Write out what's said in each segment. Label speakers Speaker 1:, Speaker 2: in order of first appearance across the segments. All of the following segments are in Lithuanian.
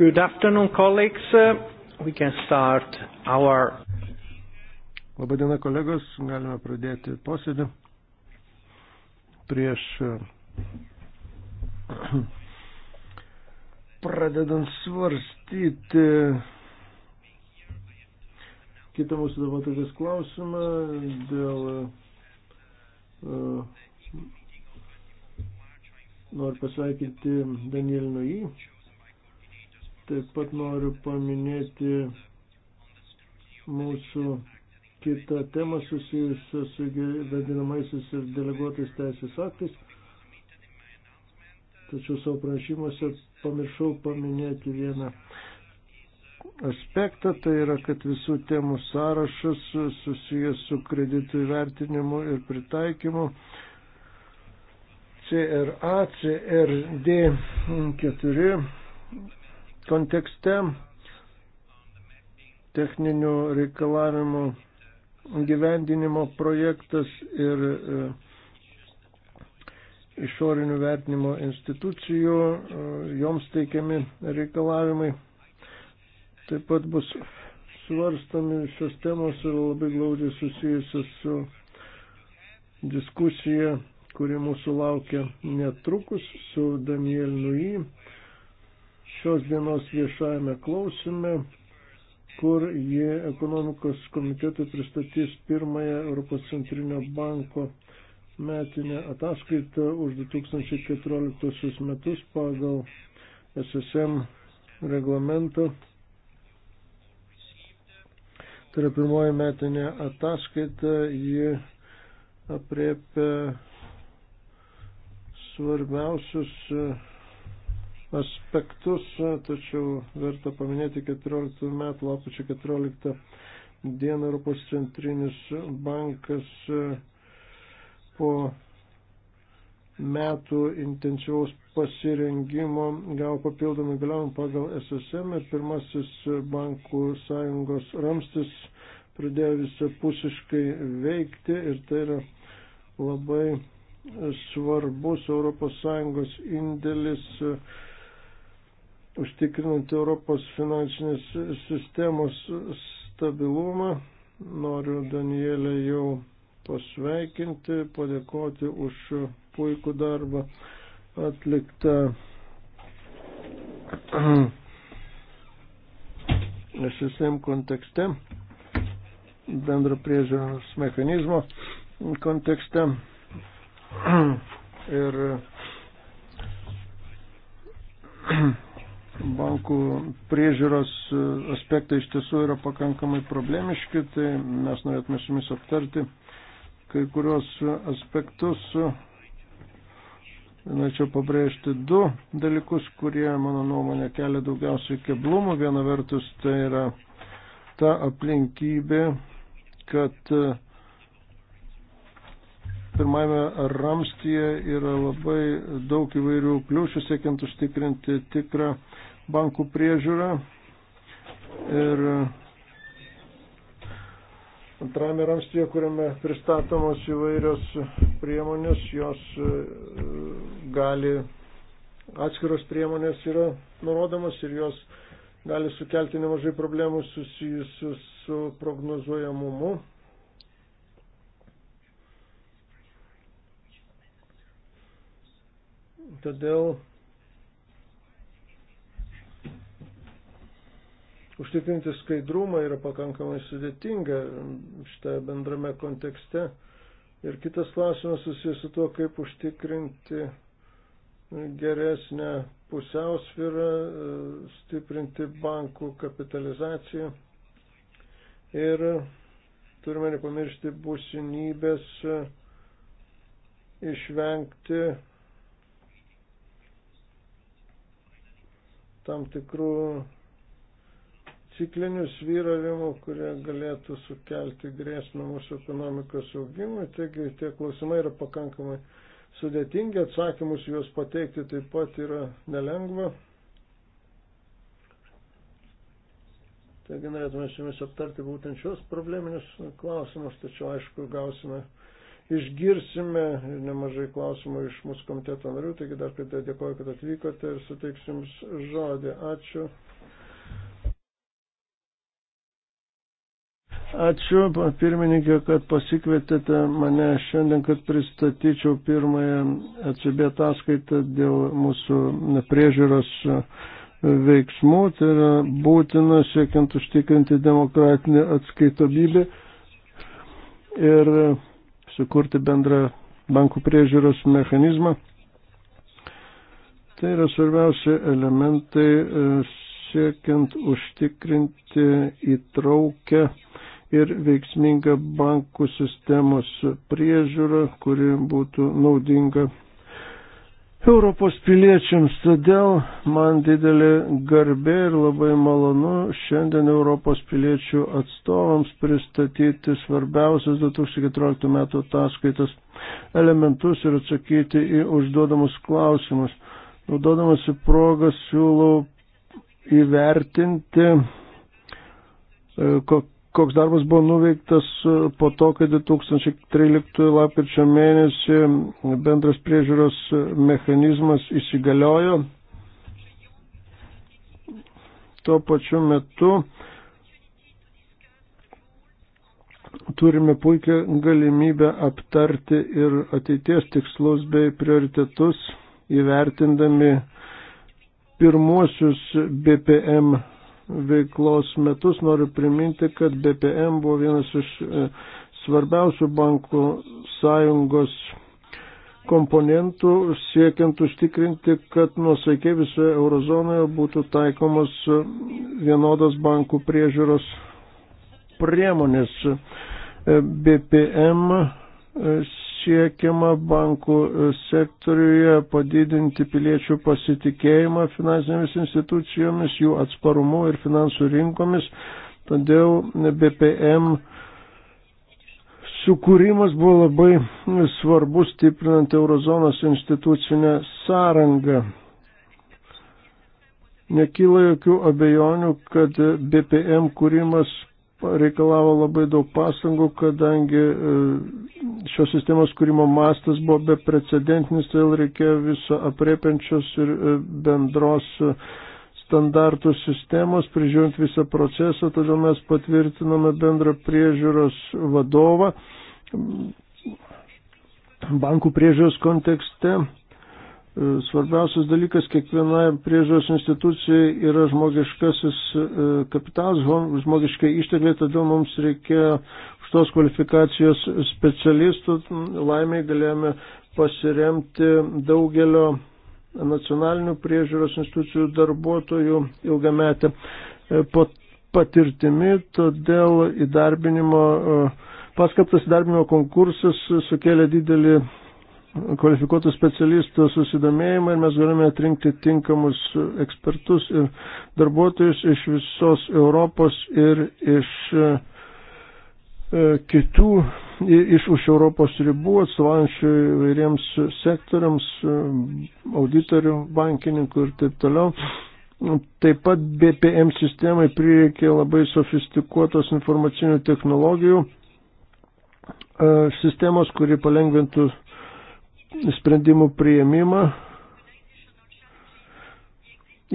Speaker 1: Good afternoon,
Speaker 2: colleagues. Uh, we can start our. Labadiena, kolegos. Galime pradėti posėdį. Prieš uh, pradedant svarstyti kitą mūsų darbotvarkės klausimą dėl uh, noriu pasveikinti Danielį Nui, Taip pat noriu paminėti mūsų kitą temą susijusią su vadinamaisiais ir deleguotais teisės aktais. Tačiau savo prašymuose pamiršau paminėti vieną aspektą, tai yra, kad visų temų sąrašas susijęs su kreditų įvertinimu ir pritaikymu. CRA, CRD 4 kontekste techninių reikalavimų gyvendinimo projektas ir e, išorinių vertinimo institucijų, e, joms teikiami reikalavimai taip pat bus svarstami šios temos ir labai glaudžiai susijusios su diskusija, kuri mūsų laukia netrukus su Daniel Nui, šios dienos viešajame klausime, kur ji ekonomikos komitetui pristatys pirmąją Europos centrinio banko metinę ataskaitą už 2014 metus pagal SSM reglamentą. Tai yra pirmoji metinė ataskaita, ji apriepia svarbiausius aspektus, tačiau verta paminėti 14 metų, lapkričio 14 dieną Europos centrinis bankas e, po metų intensyvaus pasirengimo gavo papildomą įgaliojimą pagal SSM ir pirmasis bankų sąjungos ramstis pradėjo visapusiškai veikti ir tai yra labai svarbus ES indėlis uh, užtikrinant Europos finansinės sistemos stabilumą. Noriu Danielę jau pasveikinti, padėkoti už puikų darbą atliktą SSM kontekste, bendro priežiūros mechanizmo kontekste. Ir bankų priežiūros e, aspektai iš tiesų yra pakankamai problemiški, tai mes norėtume su jumis aptarti kai kurios e, aspektus. Norėčiau pabrėžti du dalykus, kurie, mano nuomonė, kelia daugiausiai keblumų. Viena vertus tai yra ta aplinkybė, kad e, pirmame ramstyje yra labai daug įvairių kliūčių siekiant užtikrinti tikrą bankų priežiūra. Ir antrame ramstyje, kuriame pristatomos įvairios priemonės, jos e, gali, atskiros priemonės yra nurodomas ir jos gali sukelti nemažai problemų susijusių su prognozuojamumu. Todėl Užtikrinti skaidrumą yra pakankamai sudėtinga šitą bendrame kontekste. Ir kitas klausimas susijęs su to, kaip užtikrinti geresnę pusiausvyrą, stiprinti bankų kapitalizaciją. Ir turime nepamiršti būsinybės išvengti tam tikrų ciklinių svyravimų, kurie galėtų sukelti grėsmę mūsų ekonomikos augimui. Taigi tie klausimai yra pakankamai sudėtingi, atsakymus juos pateikti taip pat yra nelengva. Taigi norėtume su jumis aptarti būtent šios probleminius klausimus, tačiau aišku, gausime, išgirsime nemažai klausimų iš mūsų komiteto narių, taigi dar kartą dėkoju, kad atvykote ir suteiksiu jums žodį. Ačiū. Ačiū, pirmininkė, kad pasikvietėte mane šiandien, kad pristatyčiau pirmąją ECB ataskaitą dėl mūsų priežiūros e, veiksmų. Tai yra būtina siekiant užtikrinti demokratinį atskaitomybę ir sukurti bendrą bankų priežiūros mechanizmą. Tai yra svarbiausia elementai e, siekiant užtikrinti įtraukę ir veiksminga bankų sistemos priežiūra, kuri būtų naudinga Europos piliečiams. Todėl man didelė garbė ir labai malonu šiandien Europos piliečių atstovams pristatyti svarbiausias 2014 metų ataskaitas elementus ir atsakyti į užduodamus klausimus. Naudodamasi progą siūlau įvertinti, e, kokia koks darbas buvo nuveiktas e, po to, kai 2013 lapkričio mėnesį bendras priežiūros mechanizmas įsigaliojo. Tuo pačiu metu turime puikią galimybę aptarti ir ateities tikslus bei prioritetus įvertindami pirmuosius BPM veiklos metus. Noriu priminti, kad BPM buvo vienas iš e, svarbiausių bankų sąjungos komponentų siekiant užtikrinti, kad nuosaikiai visoje eurozonoje būtų taikomos e, vienodos bankų priežiūros priemonės. E, BPM siekiama bankų sektoriuje padidinti piliečių pasitikėjimą finansinėmis institucijomis, jų atsparumu ir finansų rinkomis. Todėl BPM sukūrimas buvo labai svarbus stiprinant eurozonos institucinę sąrangą. Nekyla jokių abejonių, kad BPM kūrimas reikalavo labai daug pastangų, kadangi e, šios sistemos kūrimo mastas buvo beprecedentinis, todėl reikėjo viso apriepiančios ir e, bendros e, standartų sistemos, prižiūrint visą procesą, todėl mes patvirtinome bendrą priežiūros vadovą bankų priežiūros kontekste E, svarbiausias dalykas kiekvienai priežiūros institucijai yra žmogiškasis e, kapitalas, žmogiškai ištekliai, todėl mums reikėjo aukštos kvalifikacijos specialistų. Laimiai galėjome pasiremti daugelio nacionalinių priežiūros institucijų darbuotojų ilgametę e, patirtimi, todėl įdarbinimo, paskaptas įdarbinimo konkursas sukėlė didelį kvalifikuotų specialistų susidomėjimą ir mes galime atrinkti tinkamus ekspertus ir darbuotojus iš visos Europos ir iš e, kitų, iš už Europos ribų atstovaujančių įvairiems sektoriams, e, auditorių, bankininkų ir taip toliau. Taip pat BPM sistemai prireikė labai sofistikuotos informacinių technologijų e, sistemos, kuri palengvintų sprendimų prieimimą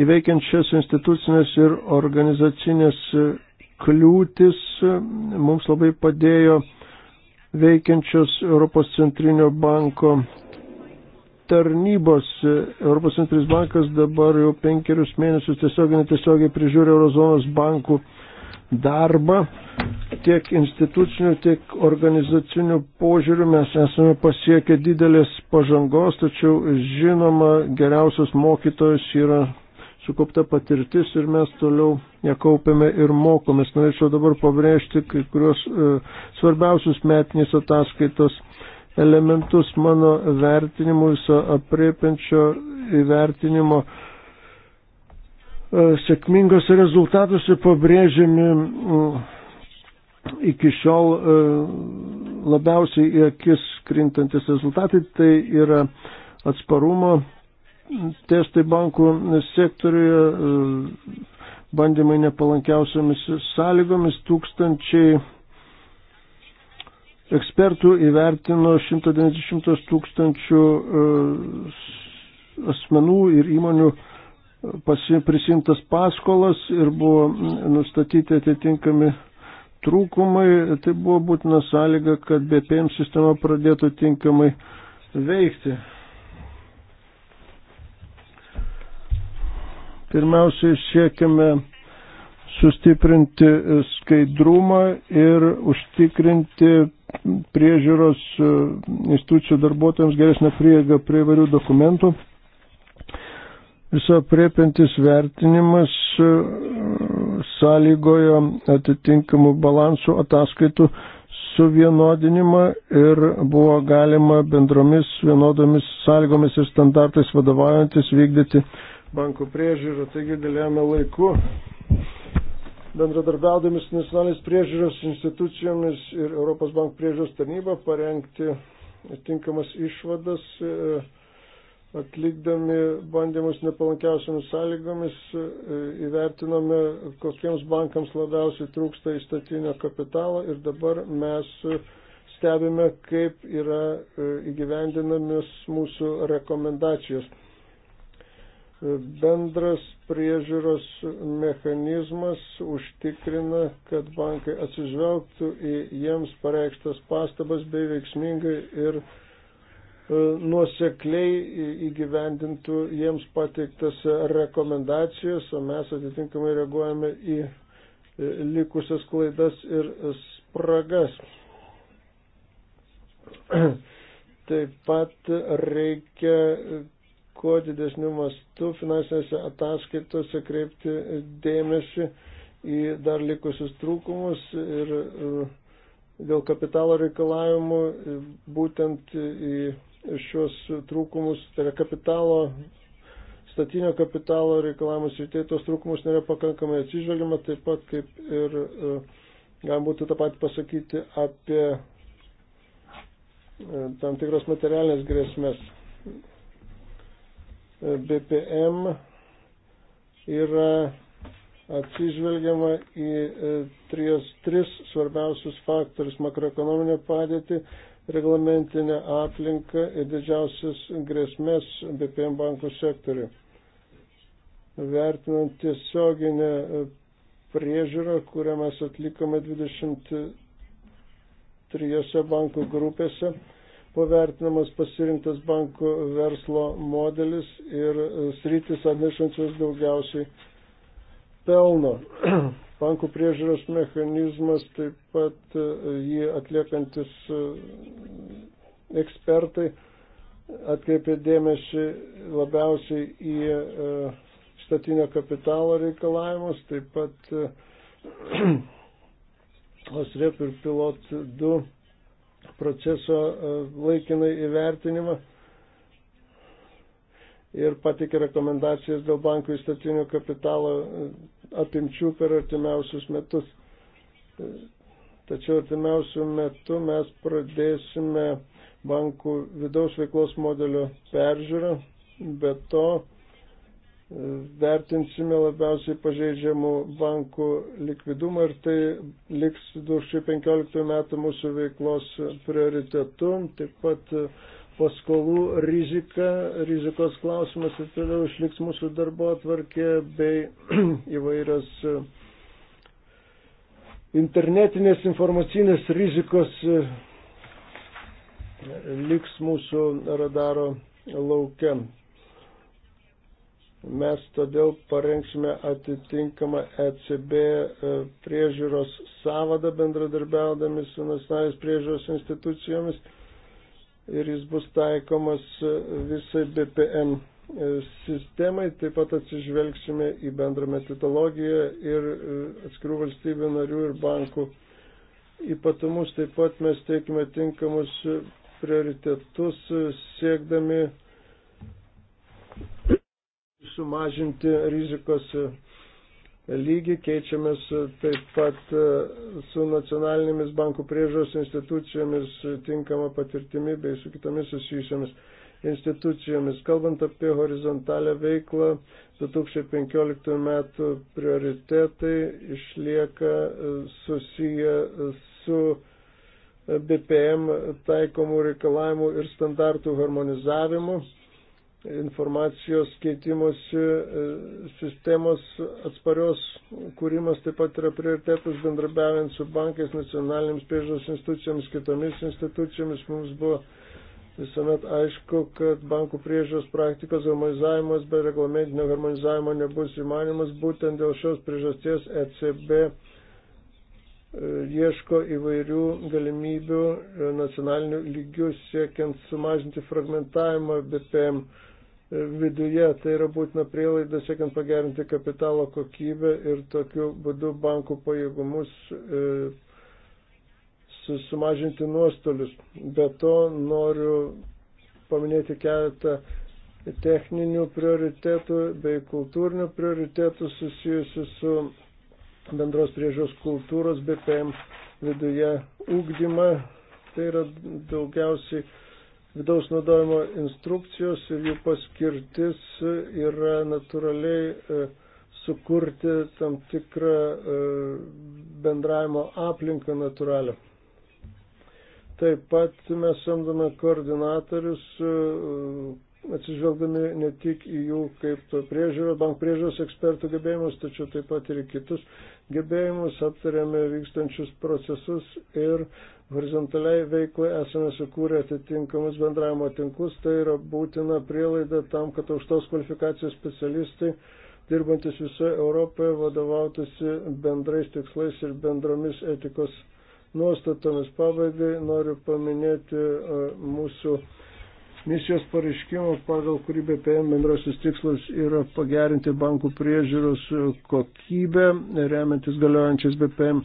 Speaker 2: įveikiant šias institucinės ir organizacinės kliūtis mums labai padėjo veikiančios Europos centrinio banko tarnybos. Europos centrinis bankas dabar jau penkerius mėnesius tiesiogiai netiesiogiai prižiūri Eurozonos bankų darbą tiek institucinių, tiek organizacinių požiūrių mes esame pasiekę didelės pažangos, tačiau žinoma, geriausias mokytojas yra sukaupta patirtis ir mes toliau ją kaupiame ir mokomės. Norėčiau dabar pabrėžti kai kurios e, svarbiausius metinės ataskaitos elementus mano vertinimu, viso apriepiančio įvertinimo. E, E, sėkmingus rezultatus ir pabrėžiami mm, iki šiol e, labiausiai į akis krintantis rezultatai, tai yra atsparumo testai bankų sektoriuje, e, bandymai nepalankiausiamis sąlygomis, tūkstančiai ekspertų įvertino 190 tūkstančių asmenų ir įmonių prisimtas paskolas ir buvo nustatyti atitinkami trūkumai, tai buvo būtina sąlyga, kad BPM sistema pradėtų tinkamai veikti. Pirmiausiai siekiame sustiprinti skaidrumą ir užtikrinti priežiūros institucijų darbuotojams geresnę prieigą prie įvairių dokumentų. Viso priepintis vertinimas e, sąlygojo atitinkamų balansų ataskaitų suvienodinimą ir buvo galima bendromis vienodomis sąlygomis ir standartais vadovaujantis vykdyti bankų priežiūrą. Taigi galėjome laiku bendradarbiaudami su nacionalinės priežiūros institucijomis ir Europos bankų priežiūros tarnyba parengti tinkamas išvadas. E, atlikdami bandymus nepalankiausiamis sąlygomis e, įvertinome, kokiems bankams labiausiai trūksta įstatinio kapitalo ir dabar mes stebime, kaip yra e, įgyvendinamis mūsų rekomendacijos. E, bendras priežiūros mechanizmas užtikrina, kad bankai atsižvelgtų į jiems pareikštas pastabas bei veiksmingai ir E, nuosekliai įgyvendintų jiems pateiktas rekomendacijas, o mes atitinkamai reaguojame į e, likusias klaidas ir spragas. Taip pat reikia kuo didesnių mastų finansinėse ataskaitose kreipti dėmesį į dar likusius trūkumus ir e, dėl kapitalo reikalavimų būtent į šios trūkumus, tai yra kapitalo, statinio kapitalo reikalavimus ir tai tos trūkumus nėra pakankamai atsižvelgiama, taip pat kaip ir e, galima būtų tą patį pasakyti apie e, tam tikras materialinės grėsmės. E, BPM yra atsižvelgiama į tris, tris svarbiausius faktorius - makroekonominę padėtį, reglamentinę aplinką ir didžiausias grėsmės BPM bankų sektoriui. Vertinant tiesioginę priežiūrą, kurią mes atlikome 23 bankų grupėse, buvo vertinamas pasirinktas bankų verslo modelis ir sritis atnešančios daugiausiai pelno. Bankų priežiūros mechanizmas, taip pat e, jį atliekantis e, ekspertai atkreipė dėmesį labiausiai į e, statinio kapitalo reikalavimus, taip pat OSREP ir pilot 2 proceso laikinai įvertinimą ir patikė rekomendacijas dėl bankų įstatinio kapitalo apimčių per artimiausius metus. Tačiau artimiausių metų mes pradėsime bankų vidaus veiklos modelio peržiūrą, bet to e, vertinsime labiausiai pažeidžiamų bankų likvidumą ir tai liks 2015 metų mūsų veiklos prioritetu. Taip pat e, paskolų rizika, rizikos klausimas ir toliau išliks mūsų darbo atvarkė bei įvairios e, internetinės informacinės rizikos e, liks mūsų radaro laukia. Mes todėl parengsime atitinkamą ECB e, priežiūros savadą bendradarbiaudami su nacionalinės priežiūros institucijomis ir jis bus taikomas visai BPM sistemai, taip pat atsižvelgsime į bendrą metodologiją ir e, atskirų valstybių narių ir bankų ypatumus, taip pat mes teikime tinkamus prioritetus e, siekdami sumažinti rizikos lygį, keičiamės taip pat e, su nacionalinėmis bankų priežos institucijomis tinkama patirtimi bei su kitomis susijusiamis institucijomis. Kalbant apie horizontalę veiklą, 2015 metų prioritetai išlieka e, susiję su BPM taikomų reikalavimų ir standartų harmonizavimu informacijos keitimosi e, sistemos atsparios kūrimas taip pat yra prioritetas bendrabiaujant su bankais, nacionalinėms priežos institucijoms, kitomis institucijomis. Mums buvo visuomet aišku, kad bankų priežos praktikos harmonizavimas be reglamentinio harmonizavimo nebus įmanomas. Būtent dėl šios priežasties ECB e, ieško įvairių galimybių e, nacionalinių lygių siekiant sumažinti fragmentavimą BPM viduje. Tai yra būtina prielaida siekiant pagerinti kapitalo kokybę ir tokiu būdu bankų pajėgumus e, sumažinti nuostolius. Be to noriu paminėti keletą techninių prioritetų bei kultūrinių prioritetų susijusių su bendros priežos kultūros BPM viduje ūkdymą. Tai yra daugiausiai vidaus naudojimo instrukcijos ir jų paskirtis yra natūraliai e, sukurti tam tikrą e, bendravimo aplinką natūralią. Taip pat mes samdome koordinatorius, e, atsižvelgdami ne tik į jų kaip priežiūros, bank priežiūros ekspertų gebėjimus, tačiau taip pat ir į kitus gebėjimus, aptarėme vykstančius procesus ir horizontaliai veiklai esame sukūrę atitinkamus bendravimo tinklus. Tai yra būtina prielaida tam, kad aukštos kvalifikacijos specialistai, dirbantis visoje Europoje, vadovautųsi bendrais tikslais ir bendromis etikos nuostatomis. Pabaigai noriu paminėti e, mūsų misijos pareiškimo, pagal kurį BPM bendrasis tikslas yra pagerinti bankų priežiūros kokybę, remiantis galiojančiais BPM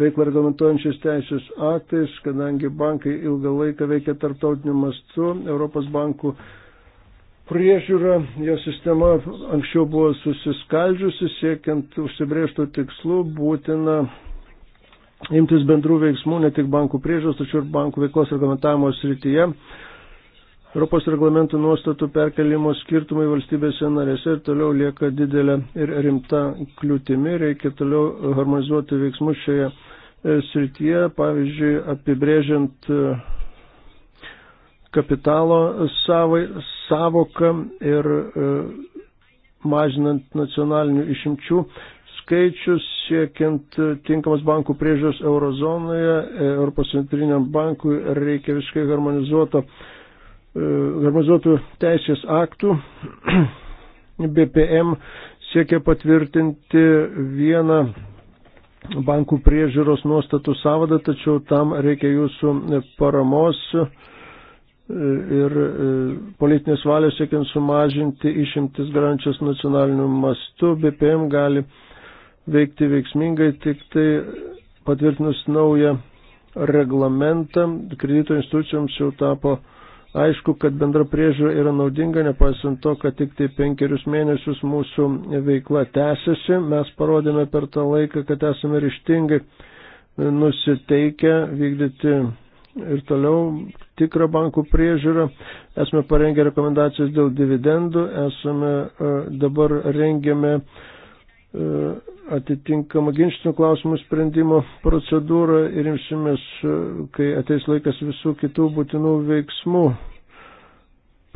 Speaker 2: veiklą reglamentuojančiais teisės aktais, kadangi bankai ilgą laiką veikia tarptautiniu mastu, Europos bankų priežiūra, jo sistema anksčiau buvo susiskaldžiusi, siekiant užsibrėžtų tikslų būtina imtis bendrų veiksmų ne tik bankų priežiūros, tačiau ir bankų veiklos reglamentavimo srityje Europos reglamento nuostatų perkelimo skirtumai valstybėse narėse ir toliau lieka didelė ir rimta kliūtimi, reikia toliau harmonizuoti veiksmus šioje e, srityje, pavyzdžiui, apibrėžiant e, kapitalo savai, savoką ir e, mažinant nacionalinių išimčių skaičius siekiant tinkamos bankų priežiūros eurozonoje, Europos centriniam bankui reikia visiškai harmonizuoto E, harmonizuotų teisės aktų BPM siekia patvirtinti vieną bankų priežiūros nuostatų savadą, tačiau tam reikia jūsų paramos ir e, politinės valios siekiant sumažinti išimtis garančias nacionaliniu mastu. BPM gali veikti veiksmingai tik tai patvirtinus naują reglamentą. Kredito institucijoms jau tapo uh, Aišku, kad bendra priežiūra yra naudinga, nepaisant to, kad tik tai penkerius mėnesius mūsų veikla tęsiasi. Mes parodėme per tą laiką, kad esame ryštingai nusiteikę vykdyti ir toliau tikrą bankų priežiūrą. Esame parengę rekomendacijas dėl dividendų, esame e, dabar rengiame e, atitinkamą ginčinių klausimų sprendimo procedūrą ir imsimės, kai ateis laikas visų kitų būtinų veiksmų.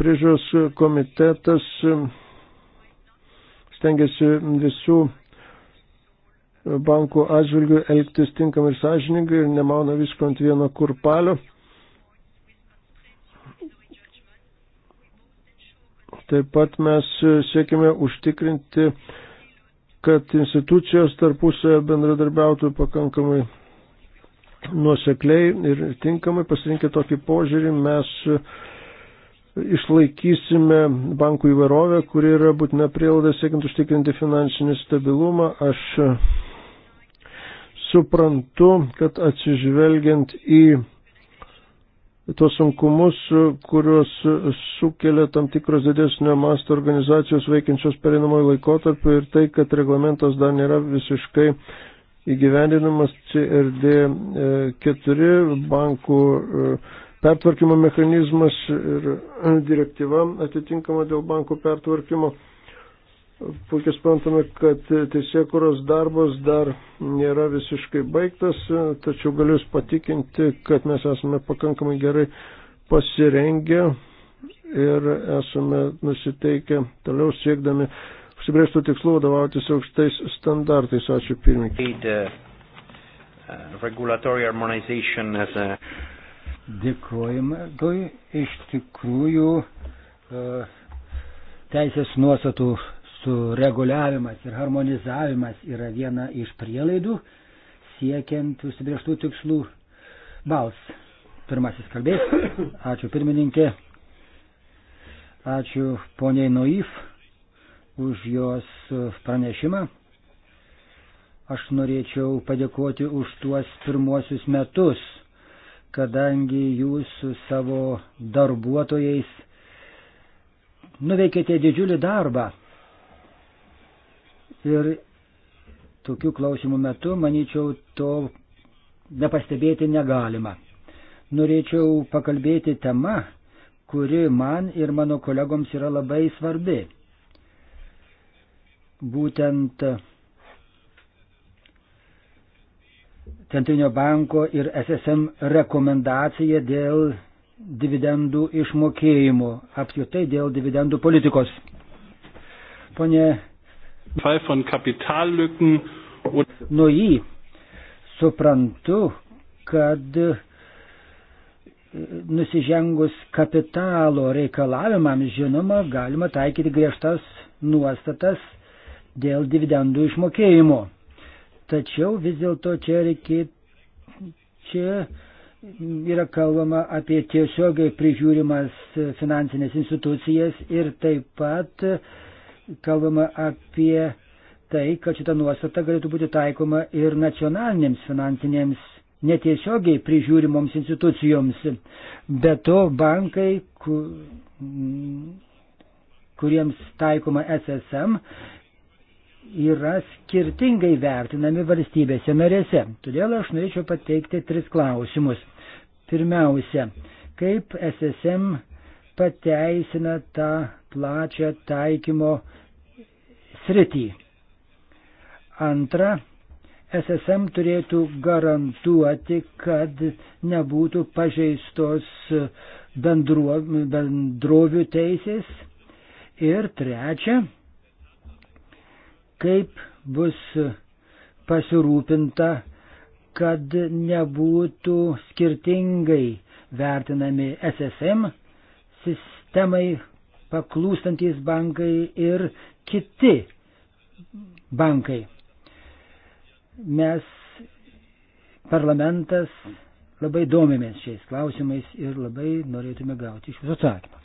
Speaker 2: Priežiūros komitetas stengiasi visų bankų atžvilgių elgtis tinkamai ir sąžiningai ir nemauna visko ant vieno kurpalio. Taip pat mes siekime užtikrinti kad institucijos tarpusavio bendradarbiautų pakankamai nuosekliai ir tinkamai pasirinkę tokį požiūrį mes išlaikysime bankų įvairovę, kuri yra būtina prielaida siekiant užtikrinti finansinį stabilumą. Aš suprantu, kad atsižvelgiant į tuos sunkumus, kuriuos sukelia tam tikros didesnio masto organizacijos veikiančios perinamojo laikotarpiu ir tai, kad reglamentas dar nėra visiškai įgyvendinamas CRD 4 e, bankų e, pertvarkymo mechanizmas ir direktyva atitinkama dėl bankų pertvarkymo Puikiai suprantame, kad teisėkuros darbas dar nėra visiškai baigtas, tačiau galiu Jūs patikinti, kad mes esame pakankamai gerai pasirengę ir esame nusiteikę toliau siekdami užsibrėžtų tikslų vadovautis aukštais standartais. Ačiū pirmininkai.
Speaker 3: Uh, uh, uh, Dėkojame. Iš tikrųjų, teisės nuostatų sureguliavimas ir harmonizavimas yra viena iš prielaidų siekiant užsibrieštų tikslų. Bals, pirmasis kalbės. Ačiū pirmininkė. Ačiū poniai Noif už jos pranešimą. Aš norėčiau padėkoti už tuos pirmuosius metus, kadangi jūs su savo darbuotojais nuveikėte didžiulį darbą Ir tokių klausimų metu, manyčiau, to nepastebėti negalima. Norėčiau pakalbėti tema, kuri man ir mano kolegoms yra labai svarbi. Būtent Centrinio banko ir SSM rekomendacija dėl dividendų išmokėjimų, apskritai dėl dividendų politikos. Pone
Speaker 1: Fall von Kapitallücken. Nu
Speaker 3: jį suprantu, kad e, nusižengus kapitalo reikalavimams, žinoma, galima taikyti griežtas nuostatas dėl dividendų išmokėjimo. Tačiau vis dėlto čia reikėtų, čia yra kalbama apie tiesiogiai prižiūrimas finansinės institucijas ir taip pat kalbama apie tai, kad šita nuostata galėtų būti taikoma ir nacionalinėms finansinėms netiesiogiai prižiūrimoms institucijoms. Be to, bankai, kur, kuriems taikoma SSM, yra skirtingai vertinami valstybėse narėse. Todėl aš norėčiau pateikti tris klausimus. Pirmiausia, kaip SSM pateisina tą plačią taikymo sritį. Antra, SSM turėtų garantuoti, kad nebūtų pažeistos bendruo, bendrovių teisės. Ir trečia, kaip bus pasirūpinta, kad nebūtų skirtingai vertinami SSM sistemai paklūstantis bankai ir kiti bankai. Mes, parlamentas, labai domimės šiais klausimais ir labai norėtume gauti iš jūsų atsakymą.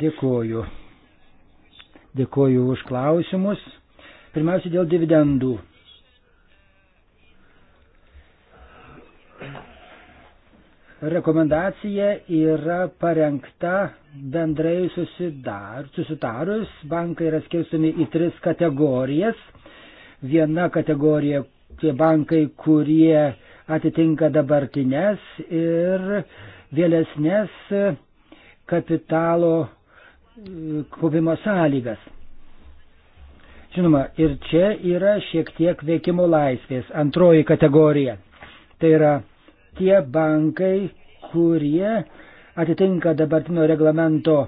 Speaker 3: Dėkoju. Dėkoju už klausimus. Pirmiausia, dėl dividendų rekomendacija yra parengta bendrai susidar, susitarus. Bankai yra skirstomi į tris kategorijas. Viena kategorija tie bankai, kurie atitinka dabartinės ir vėlesnės kapitalo e, kaupimo sąlygas. Žinoma, ir čia yra šiek tiek veikimo laisvės. Antroji kategorija. Tai yra tie bankai, kurie atitinka dabartinio reglamento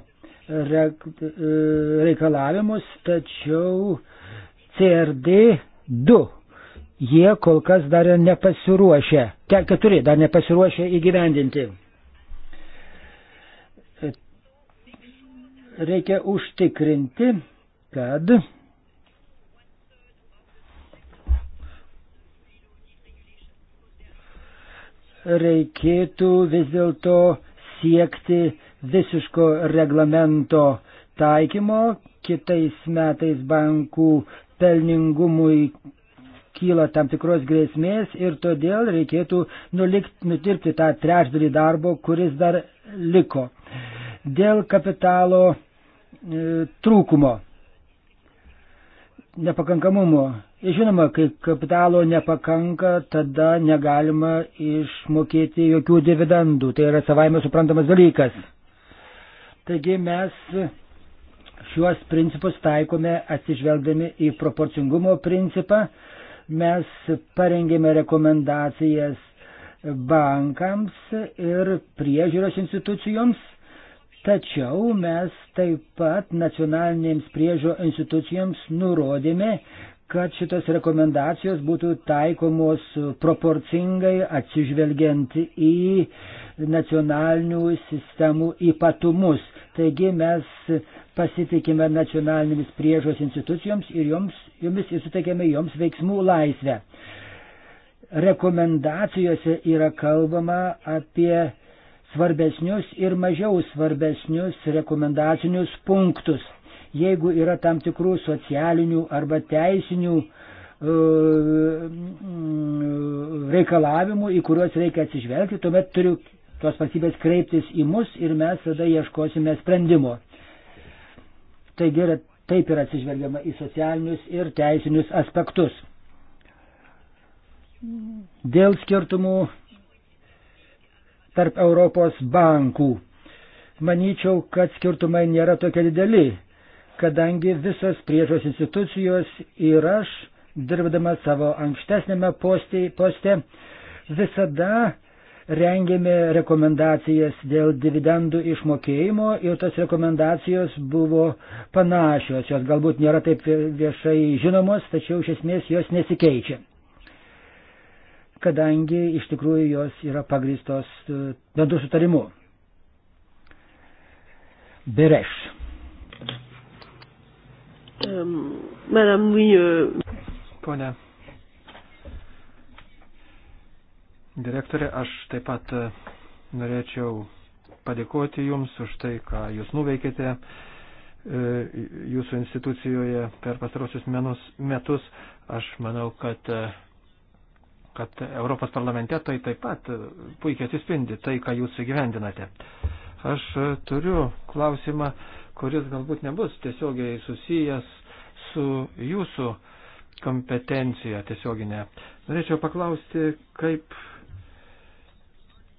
Speaker 3: reikalavimus, tačiau CRD 2 jie kol kas dar nepasiruošę, te keturi dar nepasiruošę įgyvendinti. Reikia užtikrinti, kad reikėtų vis dėlto siekti visiško reglamento taikymo, kitais metais bankų pelningumui kyla tam tikros grėsmės ir todėl reikėtų nulikt, nutirpti tą trečdalį darbo, kuris dar liko. Dėl kapitalo e, trūkumo nepakankamumo. Žinoma, kai kapitalo nepakanka, tada negalima išmokėti jokių dividendų. Tai yra savaime suprantamas dalykas. Taigi mes šiuos principus taikome atsižvelgdami į proporcingumo principą. Mes parengėme rekomendacijas bankams ir priežiūros institucijoms Tačiau mes taip pat nacionalinėms priežo institucijoms nurodėme, kad šitos rekomendacijos būtų taikomos proporcingai atsižvelgiant į nacionalinių sistemų ypatumus. Taigi mes pasitikime nacionalinėmis priežos institucijoms ir joms, jomis ir suteikėme joms veiksmų laisvę. Rekomendacijose yra kalbama apie svarbesnius ir mažiau svarbesnius rekomendacinius punktus. Jeigu yra tam tikrų socialinių arba teisinių e, mm, reikalavimų, į kuriuos reikia atsižvelgti, tuomet turiu tos valstybės kreiptis į mus ir mes tada ieškosime sprendimo. Taigi yra, taip yra atsižvelgiama į socialinius ir teisinius aspektus. Dėl skirtumų tarp Europos bankų. Manyčiau, kad skirtumai nėra tokie dideli, kadangi visas priežos institucijos ir aš, dirbdama savo ankstesnėme poste, poste visada rengėme rekomendacijas dėl dividendų išmokėjimo ir tos rekomendacijos buvo panašios, jos galbūt nėra taip viešai žinomos, tačiau iš esmės jos nesikeičia kadangi iš tikrųjų jos yra pagristos e, bendru sutarimu. Bereš.
Speaker 1: Um, Madame, oui. Euh... Pone. Direktorė, aš taip pat e, norėčiau padėkoti Jums už tai, ką Jūs nuveikėte e, Jūsų institucijoje per pastarosius metus. Aš manau, kad kad Europos parlamente tai taip pat puikiai atsispindi tai, ką jūs įgyvendinate. Aš turiu klausimą, kuris galbūt nebus tiesiogiai susijęs su jūsų kompetencija tiesioginė. Norėčiau paklausti, kaip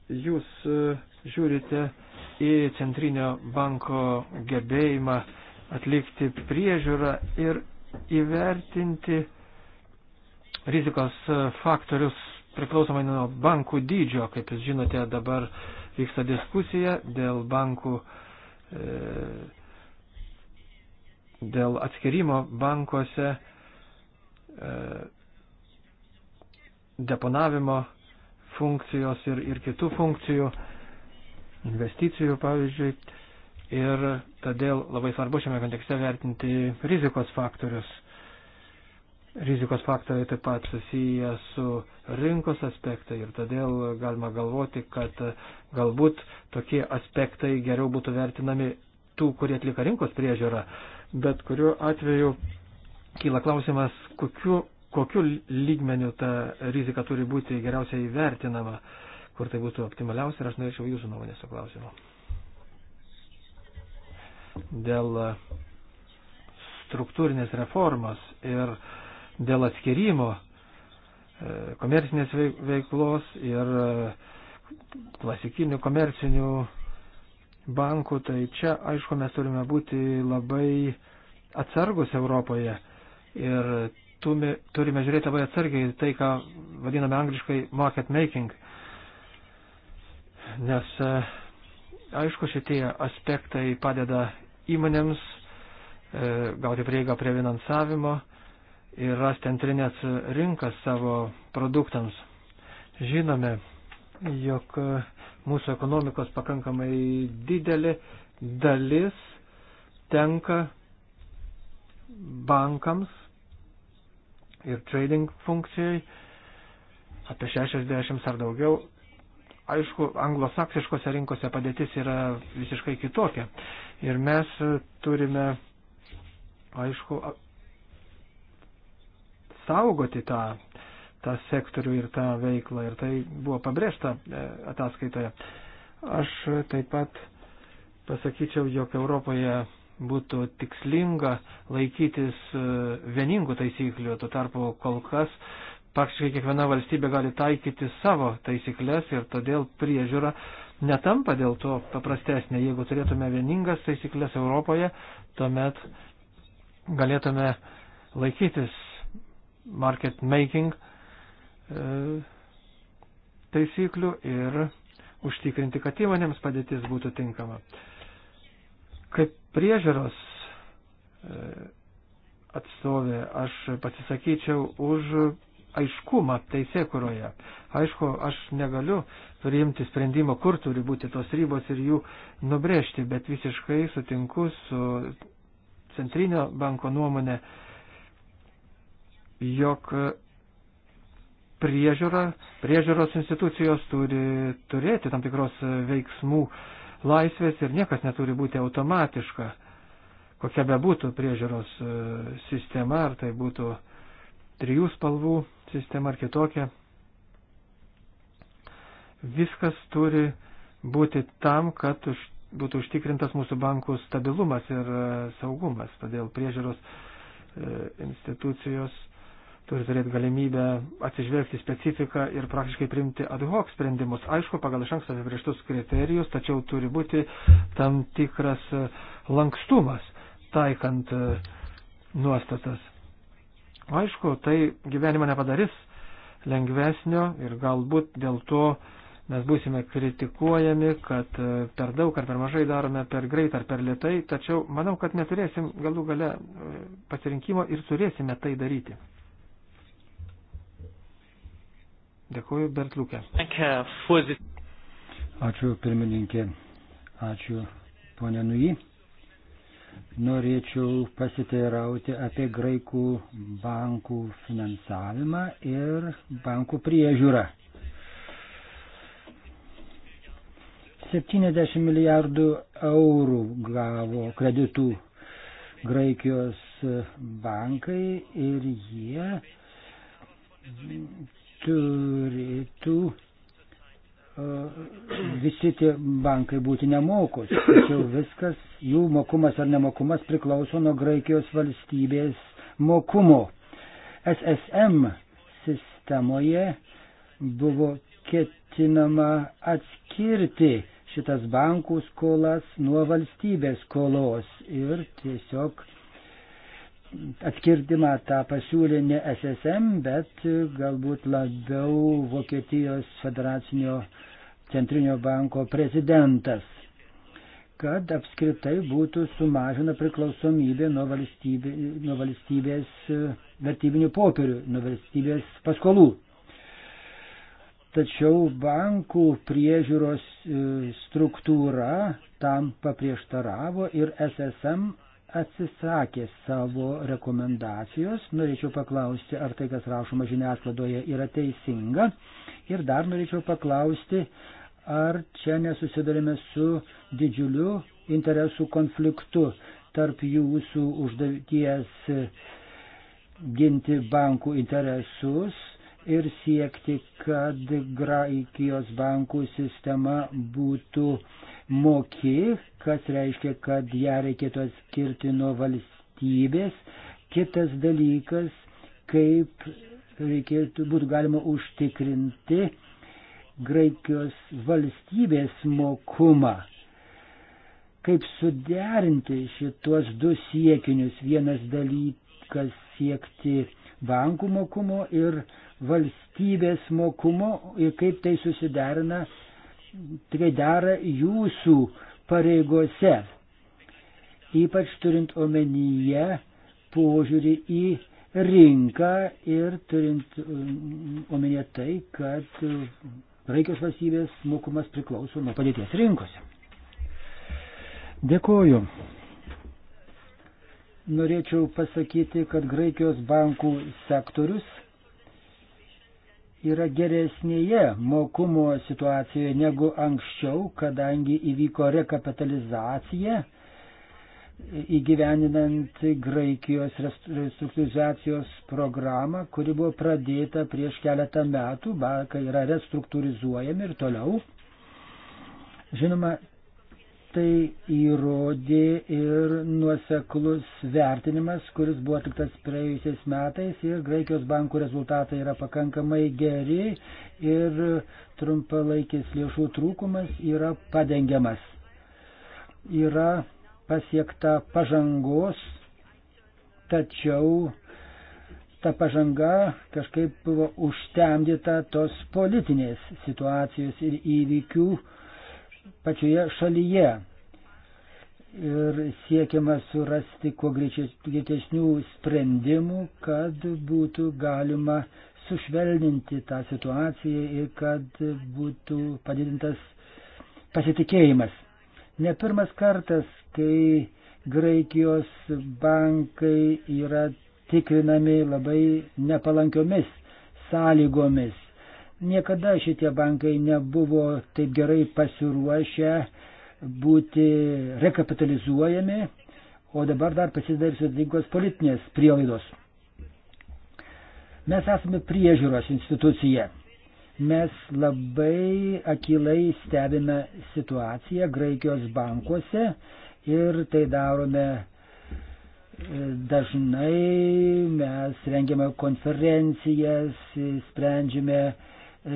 Speaker 1: jūs žiūrite į Centrinio banko gebėjimą atlikti priežiūrą ir įvertinti rizikos faktorius priklausomai nuo bankų dydžio. Kaip jūs žinote, dabar vyksta diskusija dėl bankų, e, dėl atskirimo bankuose e, deponavimo funkcijos ir, ir kitų funkcijų, investicijų pavyzdžiui. Ir todėl labai svarbu šiame kontekste vertinti rizikos faktorius. Rizikos faktoriai taip pat susiję su rinkos aspektai ir todėl galima galvoti, kad galbūt tokie aspektai geriau būtų vertinami tų, kurie atlieka rinkos priežiūrą, bet kuriuo atveju kyla klausimas, kokiu, kokiu lygmeniu ta rizika turi būti geriausiai vertinama, kur tai būtų optimaliausia ir aš norėčiau jūsų nuomonės su klausimu. Dėl struktūrinės reformos ir uh, dėl atskirimo e, komercinės veiklos ir e, klasikinių komercinių bankų, tai čia, aišku, mes turime būti labai atsargus Europoje ir tume, turime žiūrėti labai atsargiai tai, ką vadiname angliškai market making. Nes, e, aišku, šitie aspektai padeda įmonėms gauti prieigą prie finansavimo yra centrinės rinkas savo produktams. Žinome, jog mūsų ekonomikos pakankamai didelė dalis tenka bankams ir trading funkcijai apie 60 ar daugiau. Aišku, anglosaksiškose rinkose padėtis yra visiškai kitokia. Ir mes turime, aišku, saugoti tą, tą sektorių ir tą veiklą. Ir tai buvo pabrėžta e, ataskaitoje. Aš taip pat pasakyčiau, jog Europoje būtų tikslinga laikytis e, vieningų taisyklių, tuo tarpu kol kas praktiškai kiekviena valstybė gali taikyti savo taisyklės ir todėl priežiūra netampa dėl to paprastesnė. Jeigu turėtume vieningas taisyklės Europoje, tuomet galėtume laikytis market making e, taisyklių ir užtikrinti, kad įmonėms padėtis būtų tinkama. Kaip priežiūros e, atstovė aš pasisakyčiau už aiškumą teisėkuroje. Aišku, aš negaliu priimti sprendimo, kur turi būti tos ribos ir jų nubrėžti, bet visiškai sutinku su Centrinio banko nuomonė, jog priežiūra, priežiūros institucijos turi turėti tam tikros veiksmų laisvės ir niekas neturi būti automatiška, kokia bebūtų priežiūros e, sistema, ar tai būtų trijų spalvų sistema ar kitokia. Viskas turi būti tam, kad už, būtų užtikrintas mūsų bankų stabilumas ir e, saugumas. Todėl priežiūros e, institucijos turi turėti galimybę atsižvelgti specifiką ir praktiškai priimti ad hoc sprendimus. Aišku, pagal iš anksto apibrieštus kriterijus, tačiau turi būti tam tikras e, lankstumas taikant e, nuostatas. Aišku, tai gyvenimą nepadarys lengvesnio ir galbūt dėl to mes būsime kritikuojami, kad e, per daug ar per mažai darome, per greit ar per lietai, tačiau manau, kad neturėsim galų gale pasirinkimo ir turėsime tai daryti. Dėkuoju, Bert Liukė.
Speaker 3: Ačiū, pirmininkė. Ačiū, ponė Nui. Norėčiau pasiteirauti apie graikų bankų finansavimą ir bankų priežiūrą. 70 milijardų eurų gavo kreditų Graikijos bankai ir jie turėtų visi tie bankai būti nemokus. Tačiau viskas, jų mokumas ar nemokumas priklauso nuo Graikijos valstybės mokumo. SSM sistemoje buvo ketinama atskirti šitas bankų skolas nuo valstybės skolos ir tiesiog atskirtimą tą pasiūlė ne SSM, bet galbūt labiau Vokietijos federacinio centrinio banko prezidentas, kad apskritai būtų sumažina priklausomybė nuo, valstybė, nuo valstybės e, vertybinių popierių, nuo valstybės paskolų. Tačiau bankų priežiūros e, struktūra tam paprieštaravo ir SSM atsisakė savo rekomendacijos. Norėčiau paklausti, ar tai, kas rašoma žiniasklaidoje, yra teisinga. Ir dar norėčiau paklausti, ar čia nesusidarėme su didžiuliu interesų konfliktu tarp jūsų uždavyties ginti bankų interesus ir siekti, kad Graikijos bankų sistema būtų moki, kas reiškia, kad ją reikėtų atskirti nuo valstybės. Kitas dalykas, kaip reikėtų būtų galima užtikrinti Graikijos valstybės mokumą. Kaip suderinti šitos du siekinius. Vienas dalykas siekti bankų mokumo ir valstybės mokumo ir kaip tai susiderina, tai dera jūsų pareigose. Ypač turint omenyje požiūrį į rinką ir turint mm, omenyje tai, kad mm, Graikijos valstybės mokumas priklauso nuo padėties rinkose. Dėkoju. Norėčiau pasakyti, kad Graikijos bankų sektorius yra geresnėje mokumo situacijoje negu anksčiau, kadangi įvyko rekapitalizacija įgyveninant Graikijos restruktūrizacijos programą, kuri buvo pradėta prieš keletą metų, bankai yra restruktūrizuojami ir toliau. Žinoma, Tai įrodė ir nuoseklus vertinimas, kuris buvo atliktas praėjusiais metais ir Graikijos bankų rezultatai yra pakankamai geri ir trumpalaikis lėšų trūkumas yra padengiamas. Yra pasiekta pažangos, tačiau ta pažanga kažkaip buvo užtemdyta tos politinės situacijos ir įvykių pačioje šalyje. Ir siekiama surasti kuo greitesnių sprendimų, kad būtų galima sušvelninti tą situaciją ir kad būtų padidintas pasitikėjimas. Ne pirmas kartas, kai Graikijos bankai yra tikrinami labai nepalankiomis sąlygomis Niekada šitie bankai nebuvo taip gerai pasiruošę būti rekapitalizuojami, o dabar dar pasidarys sudėtingos politinės prielaidos. Mes esame priežiūros institucija. Mes labai akilai stebime situaciją Graikijos bankuose ir tai darome e, dažnai. Mes rengiame konferencijas, sprendžiame E,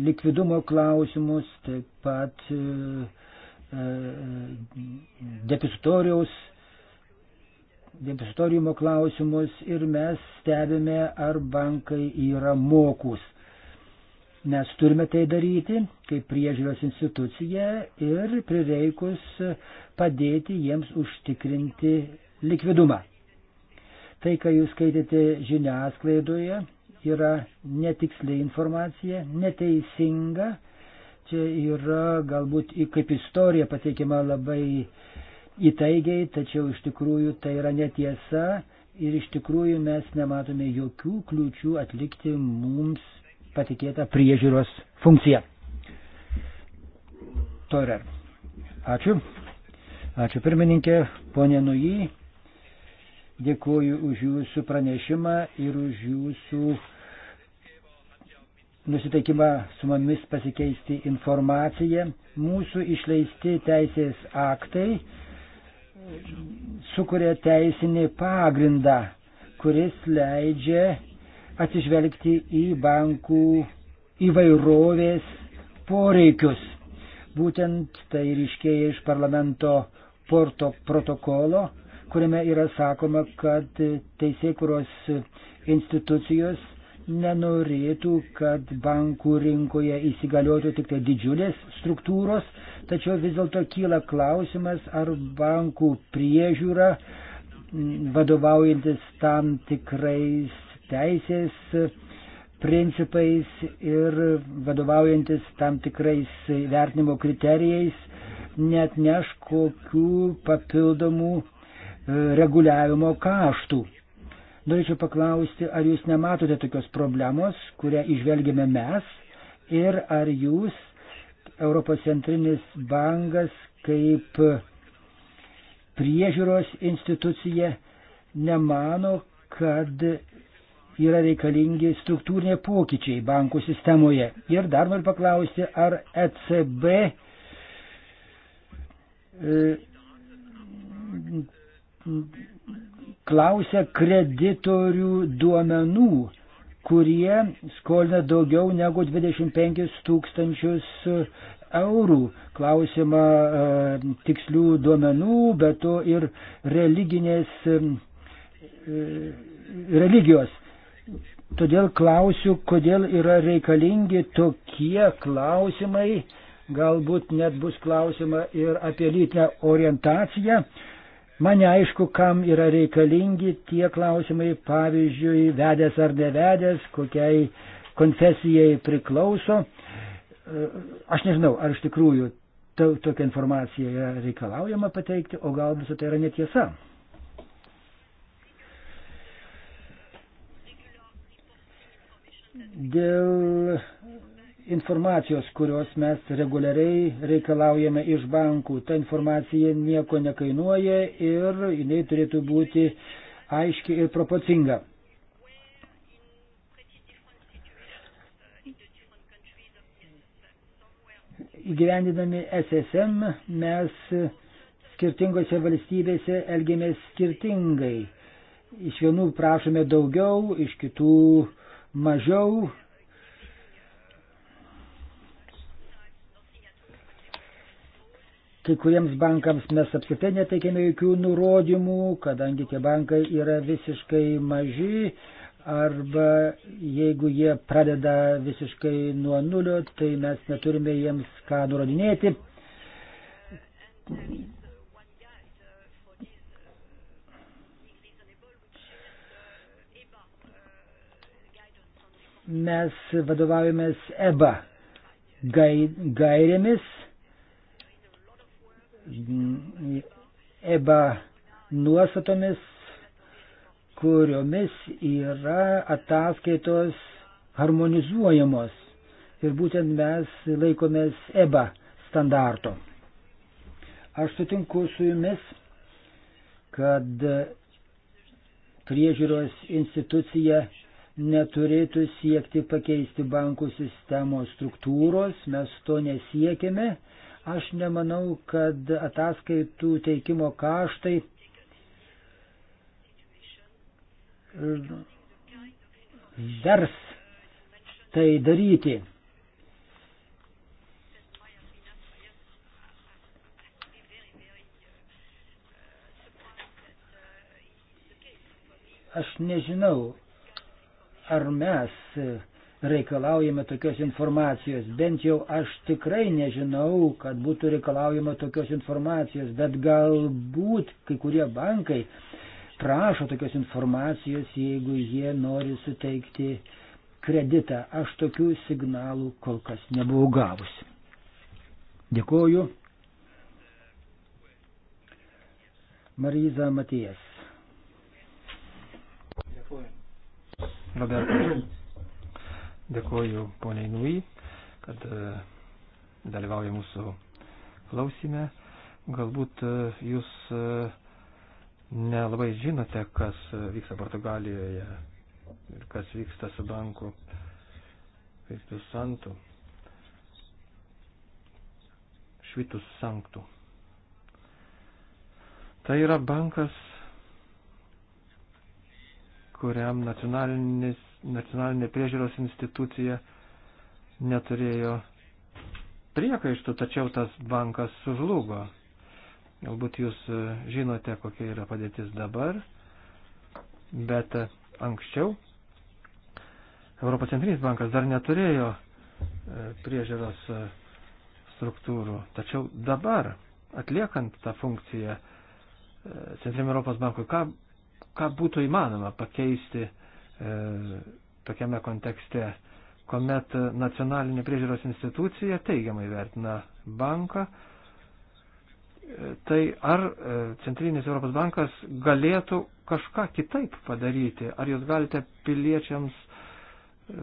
Speaker 3: likvidumo klausimus, taip pat e, e, depozitoriaus depozitoriumo klausimus ir mes stebime, ar bankai yra mokus. Mes turime tai daryti kaip priežiūros institucija ir prireikus padėti jiems užtikrinti likvidumą. Tai, ką jūs skaitėte žiniasklaidoje, yra netiksliai informacija, neteisinga. Čia yra galbūt kaip istorija pateikiama labai įtaigiai, tačiau iš tikrųjų tai yra netiesa ir iš tikrųjų mes nematome jokių kliūčių atlikti mums patikėtą priežiūros funkciją. Torer. Ačiū. Ačiū pirmininkė, ponė Nujį. Dėkuoju už jūsų pranešimą ir už jūsų nusiteikimą su mumis pasikeisti informaciją. Mūsų išleisti teisės aktai sukuria teisinį pagrindą, kuris leidžia atsižvelgti į bankų įvairovės poreikius. Būtent tai ryškėja iš parlamento porto protokolo, kuriame yra sakoma, kad teisėkuros institucijos nenorėtų, kad bankų rinkoje įsigaliotų tik tai didžiulės struktūros, tačiau vis dėlto kyla klausimas, ar bankų priežiūra vadovaujantis tam tikrais teisės principais ir vadovaujantis tam tikrais vertinimo kriterijais net neš kokių papildomų e, reguliavimo kaštų. Norėčiau paklausti, ar jūs nematote tokios problemos, kurią išvelgėme mes, ir ar jūs, Europos centrinis bankas, kaip priežiūros institucija, nemano, kad yra reikalingi struktūriniai pokyčiai bankų sistemoje. Ir dar noriu paklausti, ar ECB e, klausia kreditorių duomenų, kurie skolina daugiau negu 25 tūkstančius eurų. Klausima e, tikslių duomenų, bet to ir religinės e, religijos. Todėl klausiu, kodėl yra reikalingi tokie klausimai, galbūt net bus klausima ir apie lytinę orientaciją, Mane aišku, kam yra reikalingi tie klausimai, pavyzdžiui, vedęs ar nevedęs, kokiai konfesijai priklauso. E, aš nežinau, ar iš tikrųjų to, tokia informacija yra reikalaujama pateikti, o gal visą tai yra netiesa. Dėl informacijos, kurios mes reguliariai reikalaujame iš bankų. Ta informacija nieko nekainuoja ir jinai turėtų būti aiški ir proporcinga. Įgyvendinami SSM mes skirtingose valstybėse elgiamės skirtingai. Iš vienų prašome daugiau, iš kitų mažiau, Kai kuriems bankams mes apskritai neteikėme jokių nurodymų, kadangi tie bankai yra visiškai maži, arba jeigu jie pradeda visiškai nuo nulio, tai mes neturime jiems ką nurodinėti. Mes vadovaujamės EBA gairėmis EBA nuostatomis, kuriomis yra ataskaitos harmonizuojamos. Ir būtent mes laikomės EBA standarto. Aš sutinku su jumis, kad priežiūros institucija neturėtų siekti pakeisti bankų sistemos struktūros, mes to nesiekime, Aš nemanau, kad ataskaitų teikimo kaštai e, vers tai daryti. Aš nežinau, ar mes reikalaujame tokios informacijos. Bent jau aš tikrai nežinau, kad būtų reikalaujama tokios informacijos, bet galbūt kai kurie bankai prašo tokios informacijos, jeigu jie nori suteikti kreditą. Aš tokių signalų kol kas nebuvau gavusi. Dėkoju. Maryza Matijas.
Speaker 1: Dėkuoju. Robertas. Dėkuoju poniai Nui, kad e, dalyvauja mūsų klausime. Galbūt e, jūs e, nelabai žinote, kas vyksta Portugalijoje ir kas vyksta su banku Virtus Santu. Švitus Sanktų. Tai yra bankas, kuriam nacionalinis nacionalinė priežiūros institucija neturėjo priekaištų, tačiau tas bankas sužlugo. Galbūt jūs e, žinote, kokia yra padėtis dabar, bet e, anksčiau Europos centrinis bankas dar neturėjo e, priežiūros struktūrų. Tačiau dabar, atliekant tą funkciją Centrinio Europos bankui, ką, ką būtų įmanoma pakeisti uh, E, tokiame kontekste, kuomet nacionalinė priežiūros institucija teigiamai vertina banką, e, tai ar e, Centrinis Europos bankas galėtų kažką kitaip padaryti? Ar jūs galite piliečiams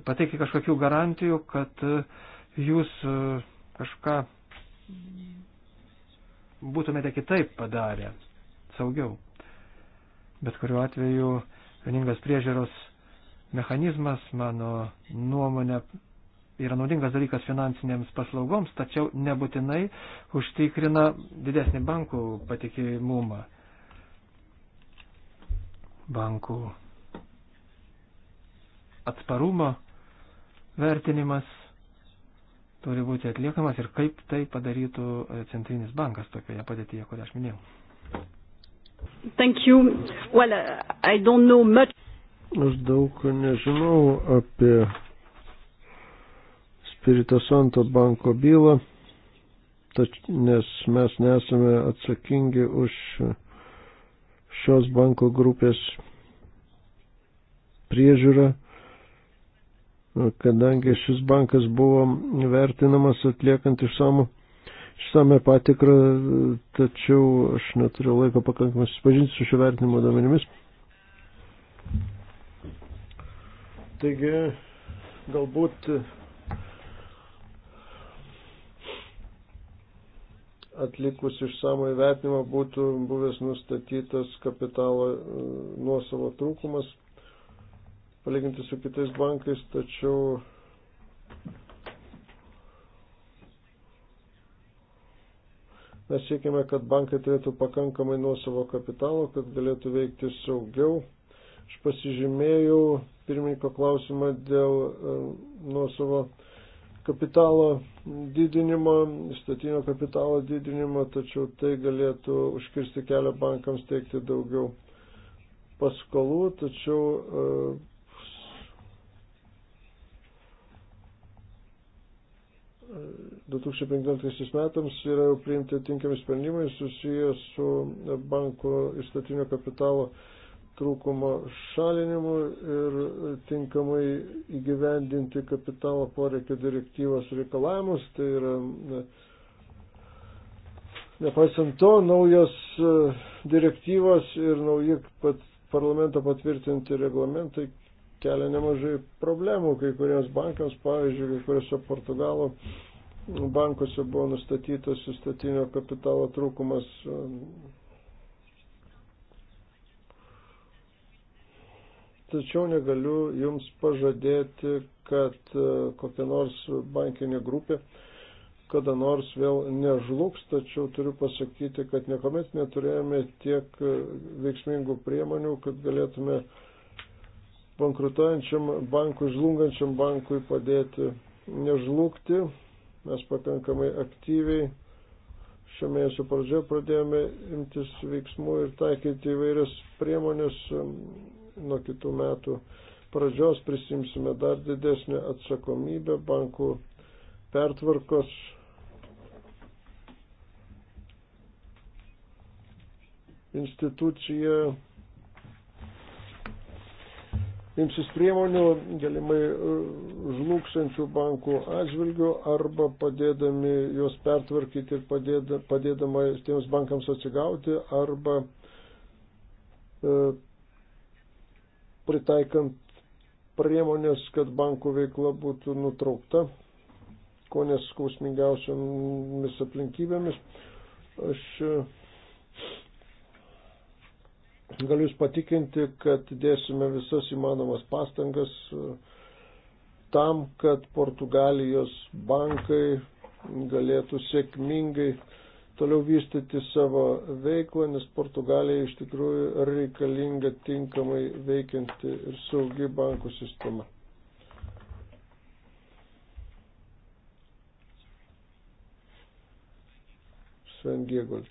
Speaker 1: pateikti kažkokių garantijų, kad jūs kažką būtumėte kitaip padarę, saugiau? Bet kuriuo atveju vieningas priežiūros mechanizmas, mano nuomonė, yra naudingas dalykas finansinėms paslaugoms, tačiau nebūtinai užtikrina didesnį bankų patikimumą. Bankų atsparumo vertinimas turi būti atliekamas ir kaip tai padarytų centrinis bankas tokioje padėtyje, kurią aš minėjau. Thank you. Well, uh, I don't know much.
Speaker 2: Aš daug nežinau apie Spirito Santo banko bylą, tač, nes mes nesame atsakingi už šios banko grupės priežiūrą, kadangi šis bankas buvo vertinamas atliekant išsamų išsame patikrą, tačiau aš neturiu laiko pakankamai susipažinti su šio vertinimo duomenimis. Taigi, galbūt atlikus išsamų įvertinimą būtų buvęs nustatytas kapitalo e, nuosavo trūkumas, palyginti su kitais bankais, tačiau mes siekime, kad bankai turėtų pakankamai nuosavo kapitalo, kad galėtų veikti saugiau. Aš pasižymėjau pirmininko klausimą dėl e, nuo savo kapitalo didinimo, statinio kapitalo didinimo, tačiau tai galėtų užkirsti kelią bankams teikti daugiau paskolų, tačiau e, uh, 2015 metams yra jau priimti tinkami sprendimai susiję su banko įstatinio kapitalo uh, trūkumo šalinimu ir tinkamai įgyvendinti kapitalo poreikio direktyvos reikalavimus. Tai yra, nepaisant to, naujos e, direktyvos ir nauji pat, parlamento patvirtinti reglamentai kelia nemažai problemų. Kai kuriems bankams, pavyzdžiui, kai kuriuose Portugalo bankuose buvo nustatytas įstatinio kapitalo trūkumas e, tačiau negaliu Jums pažadėti, kad e, kokia nors bankinė grupė kada nors vėl nežlugs, tačiau turiu pasakyti, kad niekuomet neturėjome tiek e, veiksmingų priemonių, kad galėtume bankrutuojančiam bankui, žlungančiam bankui padėti nežlugti. Mes pakankamai aktyviai šio mėnesio pradžioje pradėjome imtis veiksmų ir taikyti įvairias priemonės nuo kitų metų pradžios prisimsime dar didesnį atsakomybę bankų pertvarkos institucija imsis priemonių galimai žlugsančių bankų atžvilgių arba padėdami juos pertvarkyti ir padėda, padėdama tiems bankams atsigauti arba e, pritaikant priemonės, kad bankų veikla būtų nutraukta, ko neskausmingiausiamis aplinkybėmis. Aš e, galiu Jūs patikinti, kad dėsime visas įmanomas pastangas e, tam, kad Portugalijos bankai galėtų sėkmingai toliau vystyti savo veiklą, nes Portugalija iš tikrųjų reikalinga tinkamai veikianti ir saugi bankų sistema. Sven Giegold.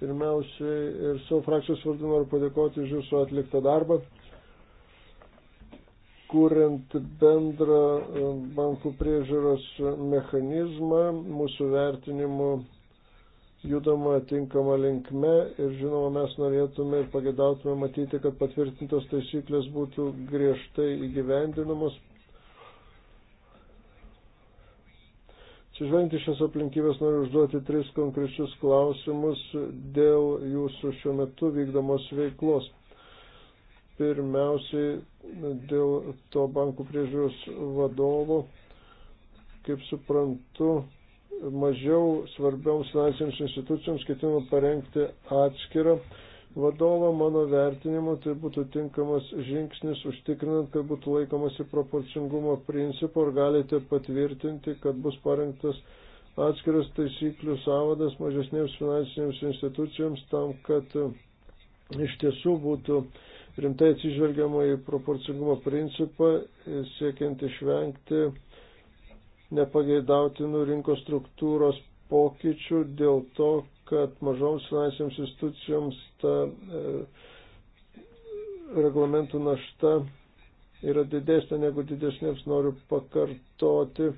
Speaker 2: Pirmiausiai ir savo frakcijos vardu noriu padėkoti už jūsų atliktą darbą kuriant bendrą e, bankų priežiūros mechanizmą, mūsų vertinimu judama tinkama linkme ir žinoma, mes norėtume ir pagėdautume matyti, kad patvirtintos taisyklės būtų griežtai įgyvendinamos. Atsižvelgiant į šias aplinkybės noriu užduoti tris konkrečius klausimus dėl jūsų šiuo metu vykdomos veiklos Pirmiausiai dėl to bankų priežiūros vadovo, kaip suprantu, mažiau svarbioms finansinėms institucijoms ketinama parengti atskirą vadovą. Mano vertinimu, tai būtų tinkamas žingsnis užtikrinant, kad būtų laikomasi proporcingumo principo ir galite patvirtinti, kad bus parengtas atskiras taisyklių savadas mažesnėms finansinėms institucijoms tam, kad iš tiesų būtų uh, rimtai atsižvelgiama į proporcingumo principą, e, siekiant išvengti nepageidautinų rinkos struktūros pokyčių dėl to, kad mažoms finansinėms institucijoms ta e, reglamentų našta yra didesnė negu didesnėms. Noriu pakartoti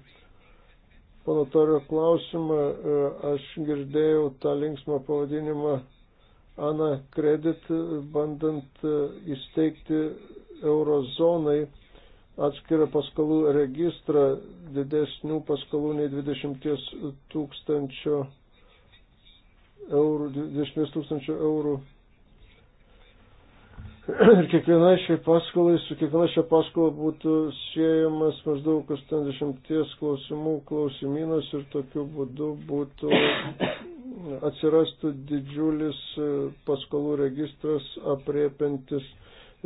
Speaker 2: panatorio klausimą. E, aš girdėjau tą linksmą pavadinimą Ana Credit, bandant e, įsteigti eurozonai atskirą paskolų registrą didesnių paskolų nei 20 tūkstančio eurų, 20 tūkstančio eurų. Ir kiekviena šiai paskolai, su kiekviena šia paskola būtų siejamas maždaug 80 klausimų klausimynas ir tokiu būdu būtų atsirastų didžiulis e, paskolų registras apriepintis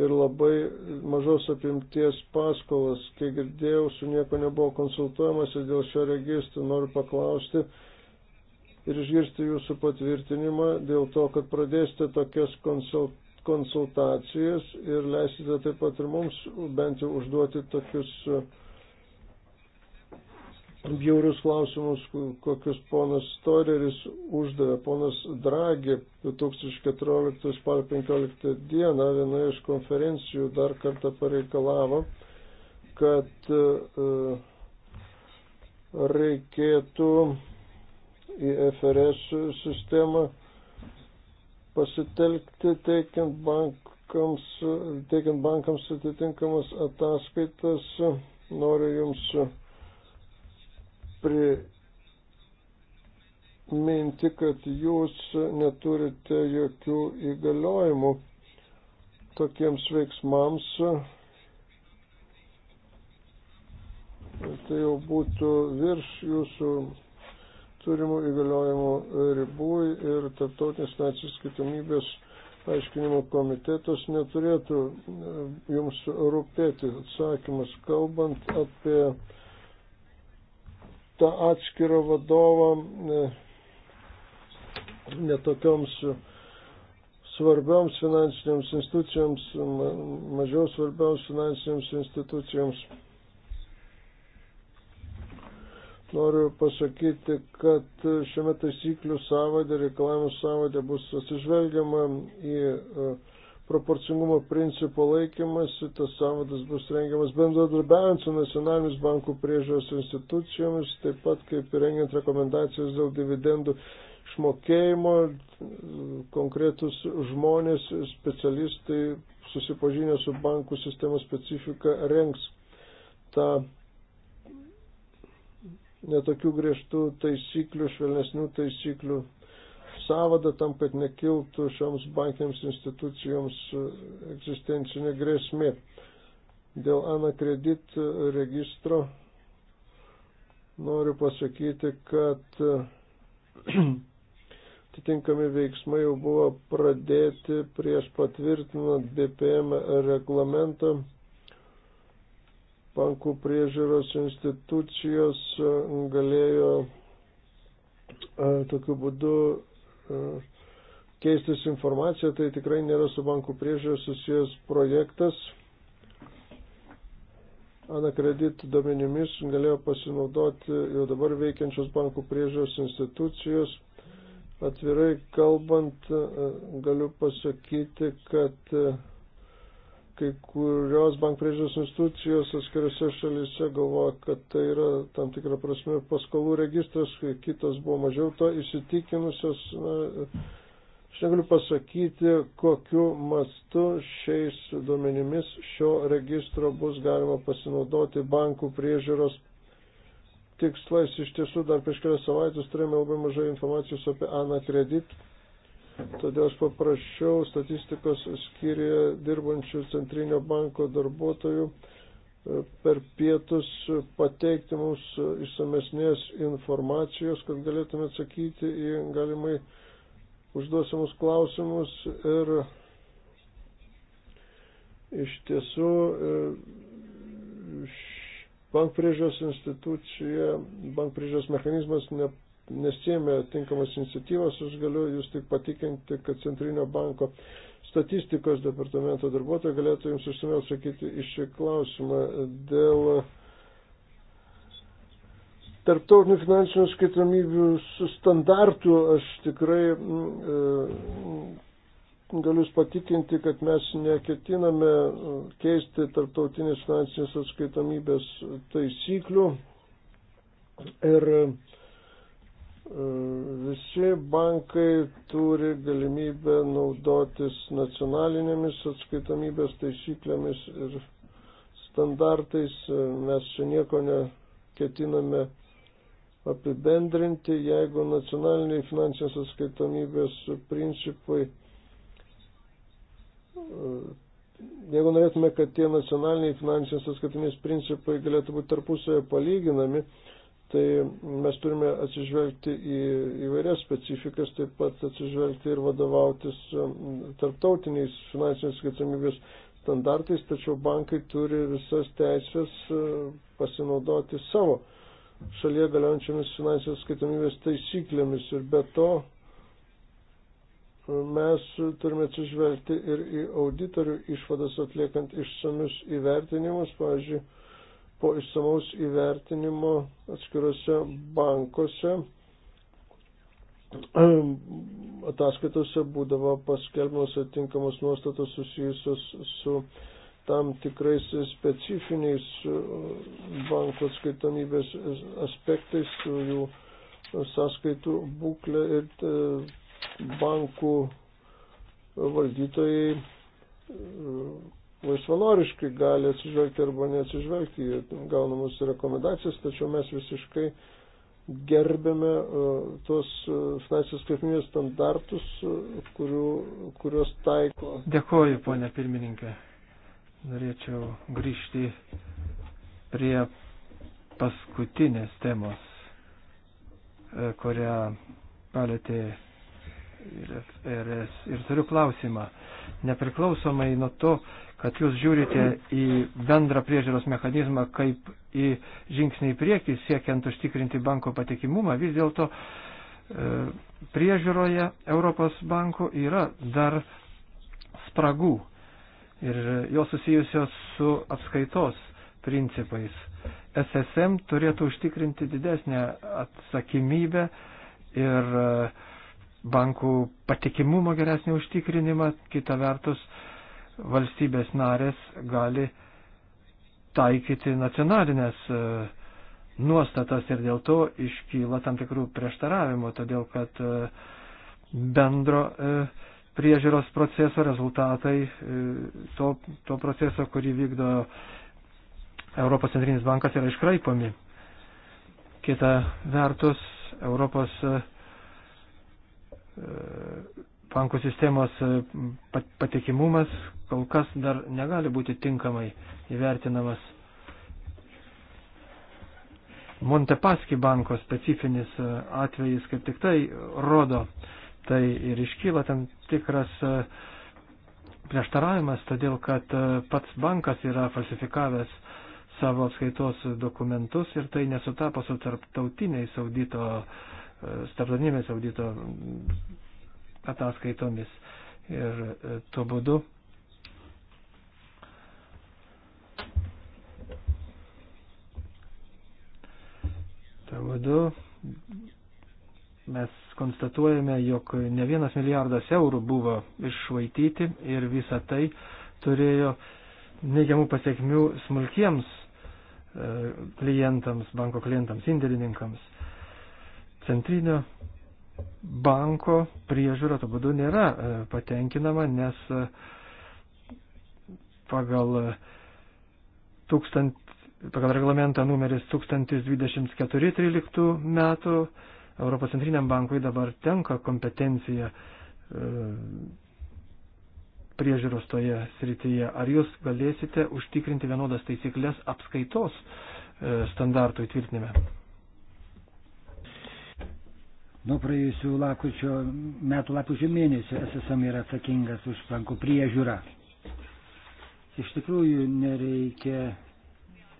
Speaker 2: ir labai mažos apimties paskolas. Kai girdėjau, su nieko nebuvo konsultuojamas ir dėl šio registro noriu paklausti ir išgirsti jūsų patvirtinimą dėl to, kad pradėsite tokias konsultacijas ir leisite taip pat ir mums bent jau užduoti tokius e, bjaurius klausimus, kokius ponas Storeris uždavė. Ponas Dragi 2014 spalio 15 dieną vienoje iš konferencijų dar kartą pareikalavo, kad e, reikėtų į FRS sistemą pasitelkti teikiant bankams, teikiant bankams atitinkamas ataskaitas. Noriu Jums priminti, kad jūs neturite jokių įgaliojimų tokiems veiksmams. Tai jau būtų virš jūsų turimų įgaliojimų ribų ir tarptautinės nacijos skaitomybės aiškinimo komitetas neturėtų jums rūpėti atsakymas, kalbant apie tą atskirą vadovą e, netokioms svarbioms finansinėms institucijoms, mažiau svarbioms finansinėms institucijoms. Noriu pasakyti, kad šiame taisyklių savadė, reikalavimų savadė bus atsižvelgiama į uh, proporcingumo principo laikymasi, tas sąvadas bus rengiamas bendradarbiaujant su nacionalinis bankų priežiūros institucijomis, taip pat kaip ir rengiant rekomendacijas dėl dividendų išmokėjimo, konkretus žmonės, specialistai susipažinę su bankų sistemos specifika rengs tą netokių griežtų taisyklių, švelnesnių taisyklių savadą tam, kad nekiltų šioms bankinėms institucijoms e, egzistencinė grėsmė. Dėl ANA kredit registro noriu pasakyti, kad e, atitinkami veiksmai jau buvo pradėti prieš patvirtinant BPM reglamentą. Bankų priežiūros institucijos e, galėjo tokiu būdu E, keistis informacija, tai tikrai nėra su bankų priežiūra susijęs projektas. Anakredit duomenimis galėjo pasinaudoti jau dabar veikiančios bankų priežiūros institucijos. Atvirai kalbant, e, galiu pasakyti, kad e, kai kurios bank priežiūros institucijos atskiriuose šalyse galvoja, kad tai yra tam tikrą prasme paskolų registras, kai kitos buvo mažiau to įsitikinusios. Na, aš negaliu pasakyti, kokiu mastu šiais duomenimis šio registro bus galima pasinaudoti bankų priežiūros tikslais. Iš tiesų, dar prieš kelias savaitės turėjome labai mažai informacijos apie Ana Kredit Todėl aš paprašiau statistikos skyriuje dirbančių Centrinio banko darbuotojų e, per pietus pateikti mums išsamesnės informacijos, kad galėtume atsakyti į galimai užduosimus klausimus ir iš tiesų e, bankpriežios institucija, bankpriežios mechanizmas ne nesėmė tinkamas iniciatyvas, aš galiu jūs tik patikinti, kad Centrinio banko statistikos departamento darbuotojai galėtų jums išsamiau atsakyti iš šį klausimą dėl tarptautinių finansinių skaitomybių standartų. Aš tikrai mm, e, galiu jūs patikinti, kad mes neketiname keisti tarptautinės finansinės atskaitomybės taisyklių. Ir e, Visi bankai turi galimybę naudotis nacionalinėmis atskaitomybės taisyklėmis ir standartais. Mes čia nieko neketiname apibendrinti, jeigu nacionaliniai finansinės atskaitomybės principai, jeigu norėtume, kad tie nacionaliniai finansinės atskaitomybės principai galėtų būti tarpusavėje palyginami, tai mes turime atsižvelgti į įvairias specifikas, taip pat atsižvelgti ir vadovautis um, tarptautiniais finansinės atsakomybės standartais, tačiau bankai turi visas teisės uh, pasinaudoti savo šalyje galiojančiamis finansinės skaitomybės taisyklėmis ir be to uh, mes turime atsižvelgti ir į auditorių išvadas atliekant išsamius įvertinimus, pavyzdžiui, po išsamaus įvertinimo atskiruose bankuose ataskaitose būdavo paskelbimas atinkamos nuostatos susijusios su tam tikrais specifiniais e, banko atskaitomybės aspektais, su jų sąskaitų būklė ir e, bankų valdytojai e, laisvanoriškai gali atsižvelgti arba neatsižvelgti į gaunamus rekomendacijas, tačiau mes visiškai gerbėme e, tuos e, finansinės skaitminės standartus, e, kurių, kuriuos taiko.
Speaker 1: Dėkoju, ponė pirmininkė. Norėčiau grįžti prie paskutinės temos, kurią palėtė ir, ir, ir turiu klausimą. Nepriklausomai nuo to, kad jūs žiūrite į bendrą priežiūros mechanizmą kaip į žingsnį į priekį, siekiant užtikrinti banko patikimumą, vis dėlto e, priežiūroje Europos bankų yra dar spragų ir jos susijusios su apskaitos principais. SSM turėtų užtikrinti didesnę atsakymybę ir e, bankų patikimumo geresnį užtikrinimą, kita vertus, valstybės narės gali taikyti nacionalinės e, nuostatas ir dėl to iškyla tam tikrų prieštaravimų, todėl kad e, bendro e, priežiūros proceso rezultatai to, to proceso, kurį vykdo Europos centrinis bankas, yra iškraipomi. Kita vertus, Europos bankų sistemos e, patikimumas kol kas dar negali būti tinkamai įvertinamas. Montepaski banko specifinis e, atvejis kaip tik tai rodo, tai ir iškyla tam tikras e, prieštaravimas, todėl kad pats bankas yra falsifikavęs savo apskaitos dokumentus ir tai nesutapo su tarptautiniais audito, tarptautinėmis audito ataskaitomis. Ir e, tuo būdu tuo būdu mes konstatuojame, jog ne vienas milijardas eurų buvo išvaityti ir visa tai turėjo neigiamų pasiekmių smulkiems e, klientams, banko klientams, indėlininkams. Centrinio banko priežiūra to būdu nėra e, patenkinama, nes e, pagal, 1000, e, pagal reglamentą numeris 1024-13 metų Europos centriniam bankui dabar tenka kompetencija priežiūros toje srityje. Ar jūs galėsite užtikrinti vienodas taisyklės apskaitos standartų įtvirtinime? Nuo praėjusių lakučio, metų lakučio mėnesio SSM yra
Speaker 3: atsakingas už bankų priežiūrą. Iš tikrųjų nereikia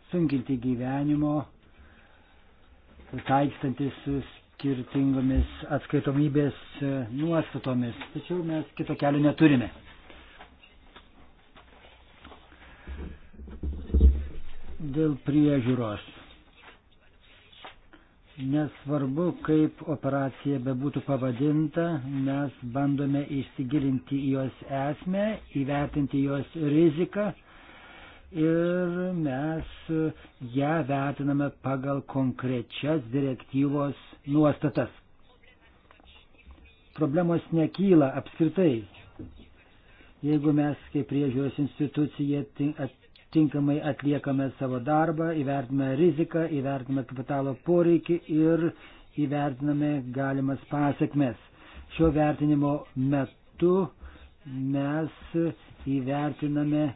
Speaker 3: sunkinti gyvenimo, taikstantis su skirtingomis atskaitomybės nuostatomis, tačiau mes kito kelio neturime. Dėl priežiūros Nesvarbu, kaip operacija bebūtų pavadinta, mes bandome išsigilinti į jos esmę, įvertinti jos riziką ir mes ją vertiname pagal konkrečias direktyvos nuostatas. Problemos nekyla apskritai, jeigu mes kaip priežiūros institucija tinkamai atliekame savo darbą, įvertiname riziką, įvertiname kapitalo poreikį ir įvertiname galimas pasiekmes. Šio vertinimo metu mes įvertiname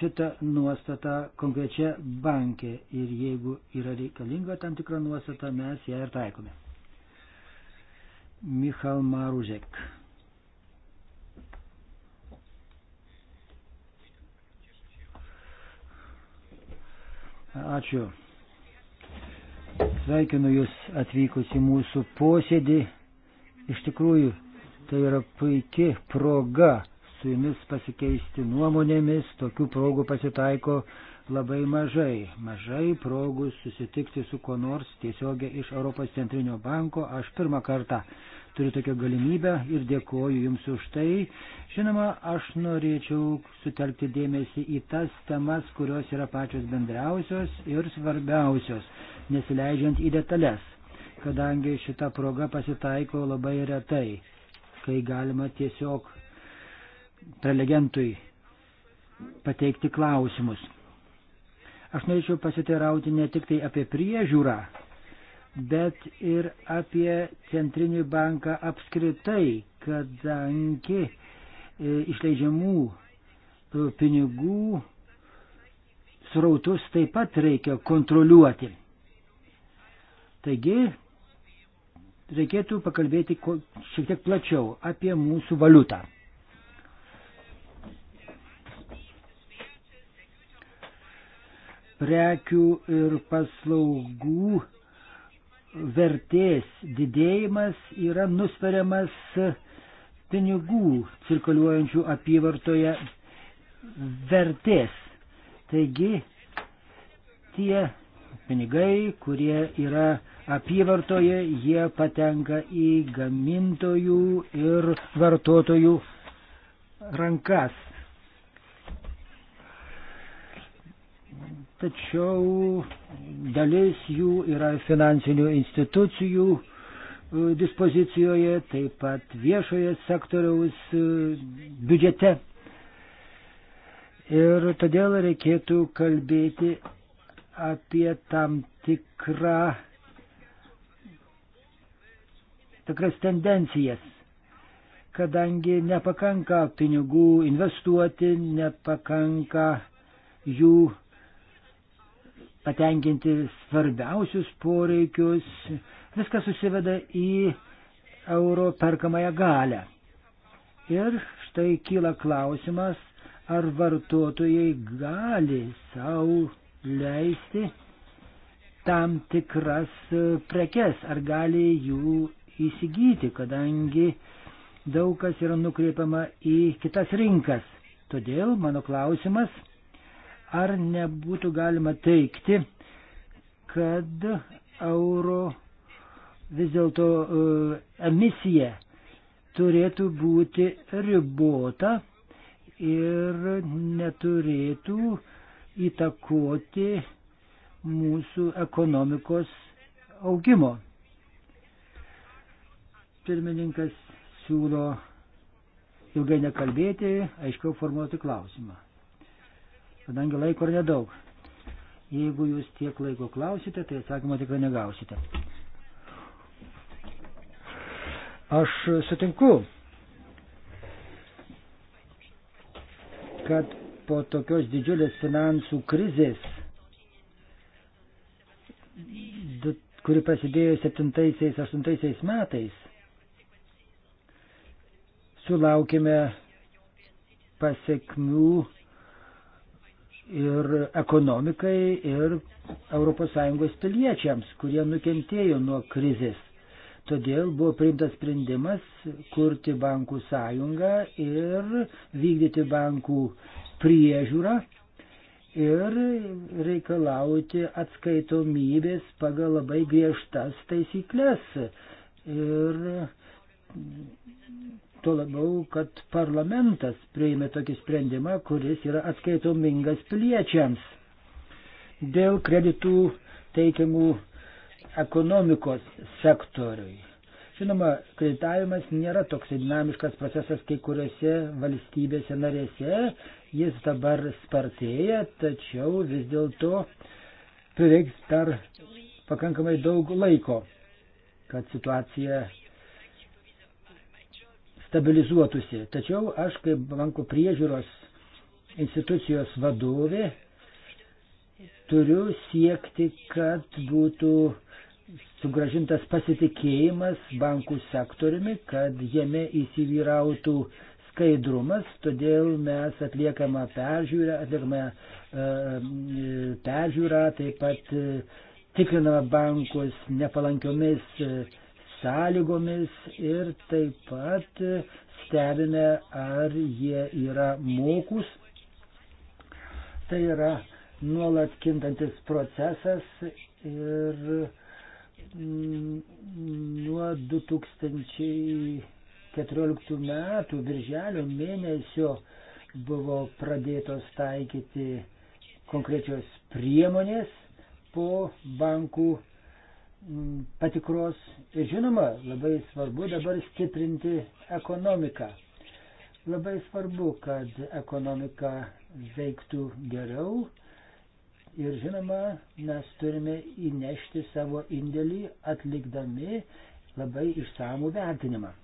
Speaker 3: šitą nuostatą konkrečia bankė ir jeigu yra reikalinga tam tikra nuostata, mes ją ir taikome. Michal Maružek. Ačiū. Sveikinu Jūs atvykus į mūsų posėdį. Iš tikrųjų, tai yra puikia proga su Jumis pasikeisti nuomonėmis. Tokių progų pasitaiko labai mažai. Mažai progų susitikti su kuo nors tiesiogiai iš Europos centrinio banko. Aš pirmą kartą turiu tokią galimybę ir dėkoju Jums už tai. Žinoma, aš norėčiau sutelkti dėmesį į tas temas, kurios yra pačios bendriausios ir svarbiausios, nesileidžiant į detalės, kadangi šita proga pasitaiko labai retai, kai galima tiesiog prelegentui pateikti klausimus. Aš norėčiau pasiteirauti ne tik tai apie priežiūrą, bet ir apie centrinį banką apskritai, kadangi e, išleidžiamų e, pinigų srautus taip pat reikia kontroliuoti. Taigi, reikėtų pakalbėti šiek tiek plačiau apie mūsų valiutą. Prekių ir paslaugų vertės didėjimas yra nusveriamas pinigų cirkuliuojančių apyvartoje vertės. Taigi tie pinigai, kurie yra apyvartoje, jie patenka į gamintojų ir vartotojų rankas. tačiau dalis jų yra finansinių institucijų e, dispozicijoje, taip pat viešoje sektoriaus e, biudžete. Ir todėl reikėtų kalbėti apie tam tikrą, tikras tendencijas, kadangi nepakanka pinigų investuoti, nepakanka jų patenkinti svarbiausius poreikius. Viskas susiveda į euro perkamąją galę. Ir štai kyla klausimas, ar vartotojai gali savo leisti tam tikras prekes, ar gali jų įsigyti, kadangi daug kas yra nukreipiama į kitas rinkas. Todėl mano klausimas, Ar nebūtų galima teikti, kad euro vis dėlto e, emisija turėtų būti ribota ir neturėtų įtakoti mūsų ekonomikos augimo. Pirmininkas siūlo ilgai nekalbėti, aiškiau formuoti klausimą kadangi laiko yra nedaug. Jeigu jūs tiek laiko klausite, tai atsakymo tikrai negausite. Aš sutinku, kad po tokios didžiulės finansų krizės, kuri prasidėjo 7-8 metais, sulaukime pasiekmių ir ekonomikai, ir ES piliečiams, kurie nukentėjo nuo krizės. Todėl buvo priimtas sprendimas kurti bankų sąjungą ir vykdyti bankų priežiūrą ir reikalauti atskaitomybės pagal labai griežtas taisyklės. Ir Tuo labiau, kad parlamentas priėmė tokį sprendimą, kuris yra atskaitomingas piliečiams. Dėl kreditų teikiamų ekonomikos sektoriui. Žinoma, kreditavimas nėra toks dinamiškas procesas kai kuriuose valstybėse narėse, jis dabar spartėja, tačiau vis dėlto prireiks dar pakankamai daug laiko, kad situacija stabilizuotųsi. Tačiau aš kaip banko priežiūros institucijos vadovė turiu siekti, kad būtų sugražintas pasitikėjimas bankų sektoriumi, kad jame įsivyrautų skaidrumas, todėl mes atliekame peržiūrą, atliekame e, peržiūrą, taip pat e, tikriname bankus nepalankiomis e, sąlygomis ir taip pat stebime, ar jie yra mokus. Tai yra nuolat kintantis procesas ir mm, nuo 2014 metų birželio mėnesio buvo pradėtos taikyti konkrečios priemonės po bankų Mm, patikros ir žinoma, labai svarbu dabar stiprinti ekonomiką. Labai svarbu, kad ekonomika veiktų geriau ir žinoma, mes turime įnešti savo indėlį atlikdami labai išsamų vertinimą.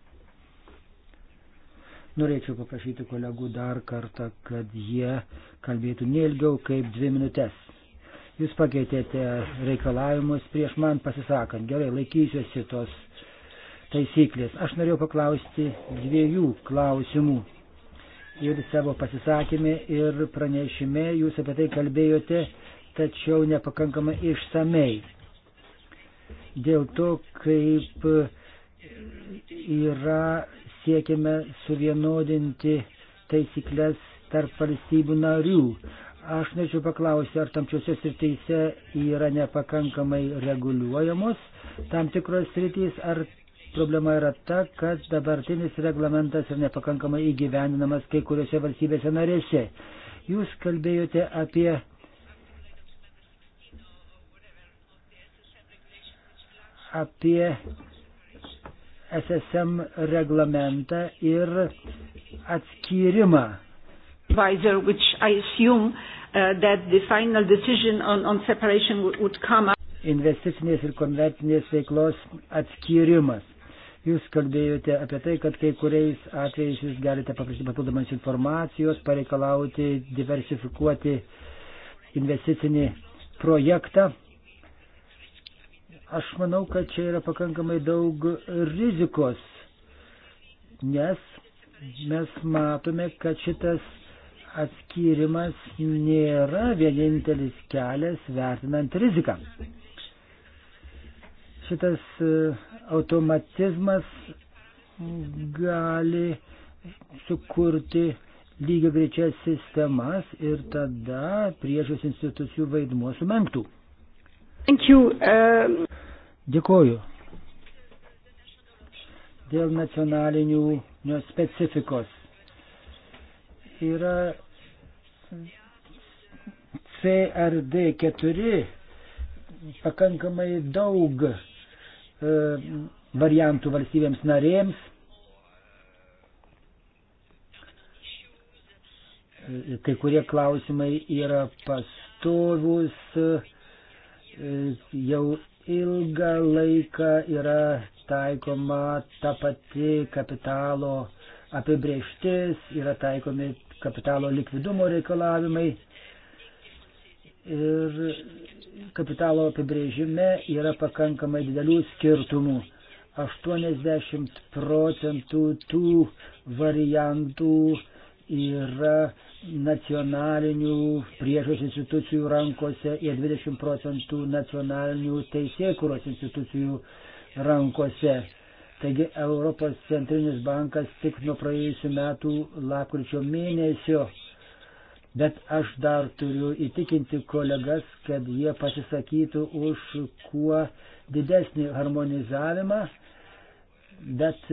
Speaker 3: Norėčiau paprašyti kolegų dar kartą, kad jie kalbėtų neilgiau kaip dvi minutės. Jūs pakeitėte reikalavimus prieš man pasisakant. Gerai, laikysiuosi tos taisyklės. Aš norėjau paklausti dviejų klausimų. Ir savo pasisakymė ir pranešime jūs apie tai kalbėjote, tačiau nepakankamai išsamei. Dėl to, kaip yra siekime suvienodinti taisyklės tarp valstybių narių. Aš norėčiau paklausti, ar tamčiosios srityse yra nepakankamai reguliuojamos tam tikros sritys, ar problema yra ta, kad dabartinis reglamentas yra nepakankamai įgyvendinamas kai kuriuose valstybėse narėse. Jūs kalbėjote apie apie SSM reglamentą ir atskyrimą. Advisor, which I assume Uh, that the final decision on, on separation would, would come up. Investicinės ir konvertinės veiklos atskyrimas. Jūs kalbėjote apie tai, kad kai kuriais atvejais jūs galite paprašyti papildomas informacijos, pareikalauti, diversifikuoti investicinį projektą. Aš manau, kad čia yra pakankamai daug rizikos, nes mes matome, kad šitas atskirimas nėra vienintelis kelias vertinant riziką. Šitas e, automatizmas gali sukurti lygiai greičias sistemas ir tada priežios institucijų vaidmuo sumenktų. Um... Dėkoju. Dėl nacionalinių specifikos yra CRD4 pakankamai daug e, variantų valstybėms narėms. E, kai kurie klausimai yra pastovus, e, jau ilgą laiką yra taikoma ta pati kapitalo apibrieštis, yra taikomi kapitalo likvidumo reikalavimai ir kapitalo apibrėžime yra pakankamai didelių skirtumų. 80 procentų tų variantų yra nacionalinių priežos institucijų rankose ir 20 procentų nacionalinių teisėkuros institucijų rankose. Taigi Europos centrinis bankas tik nuo praėjusių metų lapkričio mėnesio, bet aš dar turiu įtikinti kolegas, kad jie pasisakytų už kuo didesnį harmonizavimą, bet,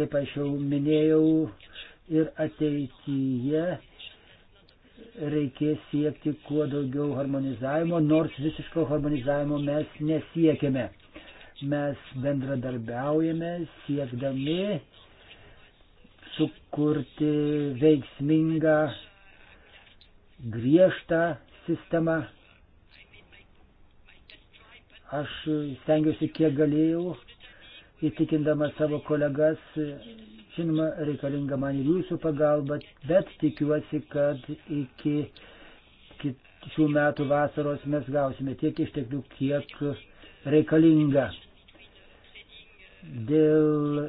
Speaker 3: kaip aš jau minėjau, ir ateityje reikės siekti kuo daugiau harmonizavimo, nors visiško harmonizavimo mes nesiekime. Mes bendradarbiaujame siekdami sukurti veiksmingą, griežtą sistemą. Aš stengiuosi kiek galėjau, įtikindama savo kolegas, žinoma, reikalinga man ir jūsų pagalba, bet tikiuosi, kad iki šių metų vasaros mes gausime tiek išteklių, kiek reikalinga dėl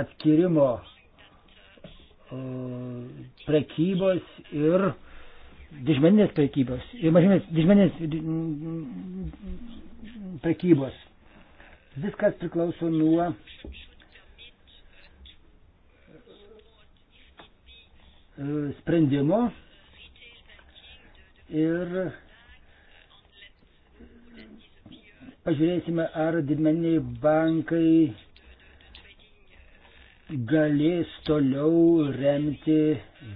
Speaker 3: atskirimo prekybos ir didmeninės prekybos ir mažmeninės prekybos. Viskas priklauso nuo e, sprendimo ir Pažiūrėsime, ar didmeniniai bankai galės toliau remti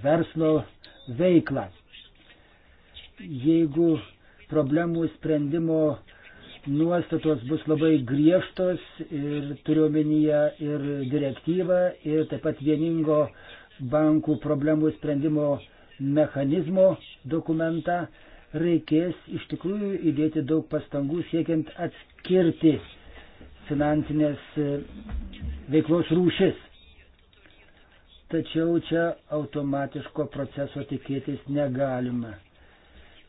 Speaker 3: verslo veiklą. Jeigu problemų sprendimo nuostatos bus labai griežtos ir turiuomenyje ir direktyvą ir taip pat vieningo bankų problemų sprendimo mechanizmo dokumentą, reikės iš tikrųjų įdėti daug pastangų siekiant atskirti finansinės e, veiklos rūšis. Tačiau čia automatiško proceso tikėtis negalima.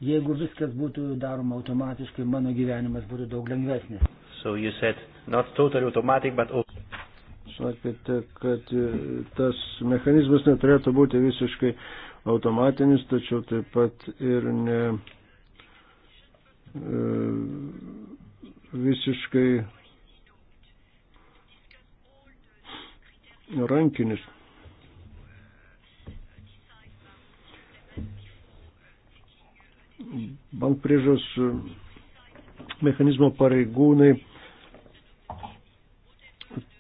Speaker 3: Jeigu viskas būtų daroma automatiškai, mano gyvenimas
Speaker 2: būtų daug lengvesnis.
Speaker 1: So you said not totally automatic, but also
Speaker 2: sakėte, kad tas mechanizmas neturėtų būti visiškai automatinis, tačiau taip pat ir ne e, visiškai rankinis. Bank priežos mechanizmo pareigūnai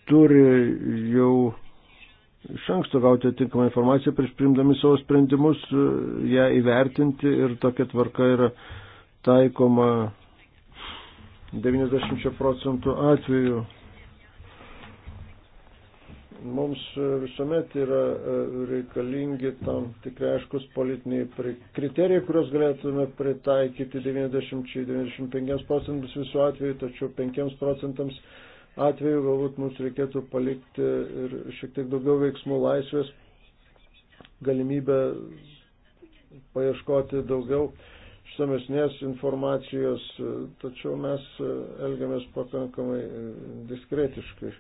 Speaker 2: turi jau iš anksto gauti atitinkamą informaciją prieš primdami savo sprendimus, e, ją įvertinti ir tokia tvarka yra taikoma 90 procentų atveju. Mums visuomet yra e, reikalingi tam tikrai aiškus politiniai kriterijai, kuriuos galėtume pritaikyti 90-95 procentams visų atveju, tačiau 5 procentams atveju galbūt mums reikėtų palikti ir šiek tiek daugiau veiksmų laisvės, galimybę paieškoti daugiau išsamesnės informacijos, tačiau mes elgiamės pakankamai diskretiškai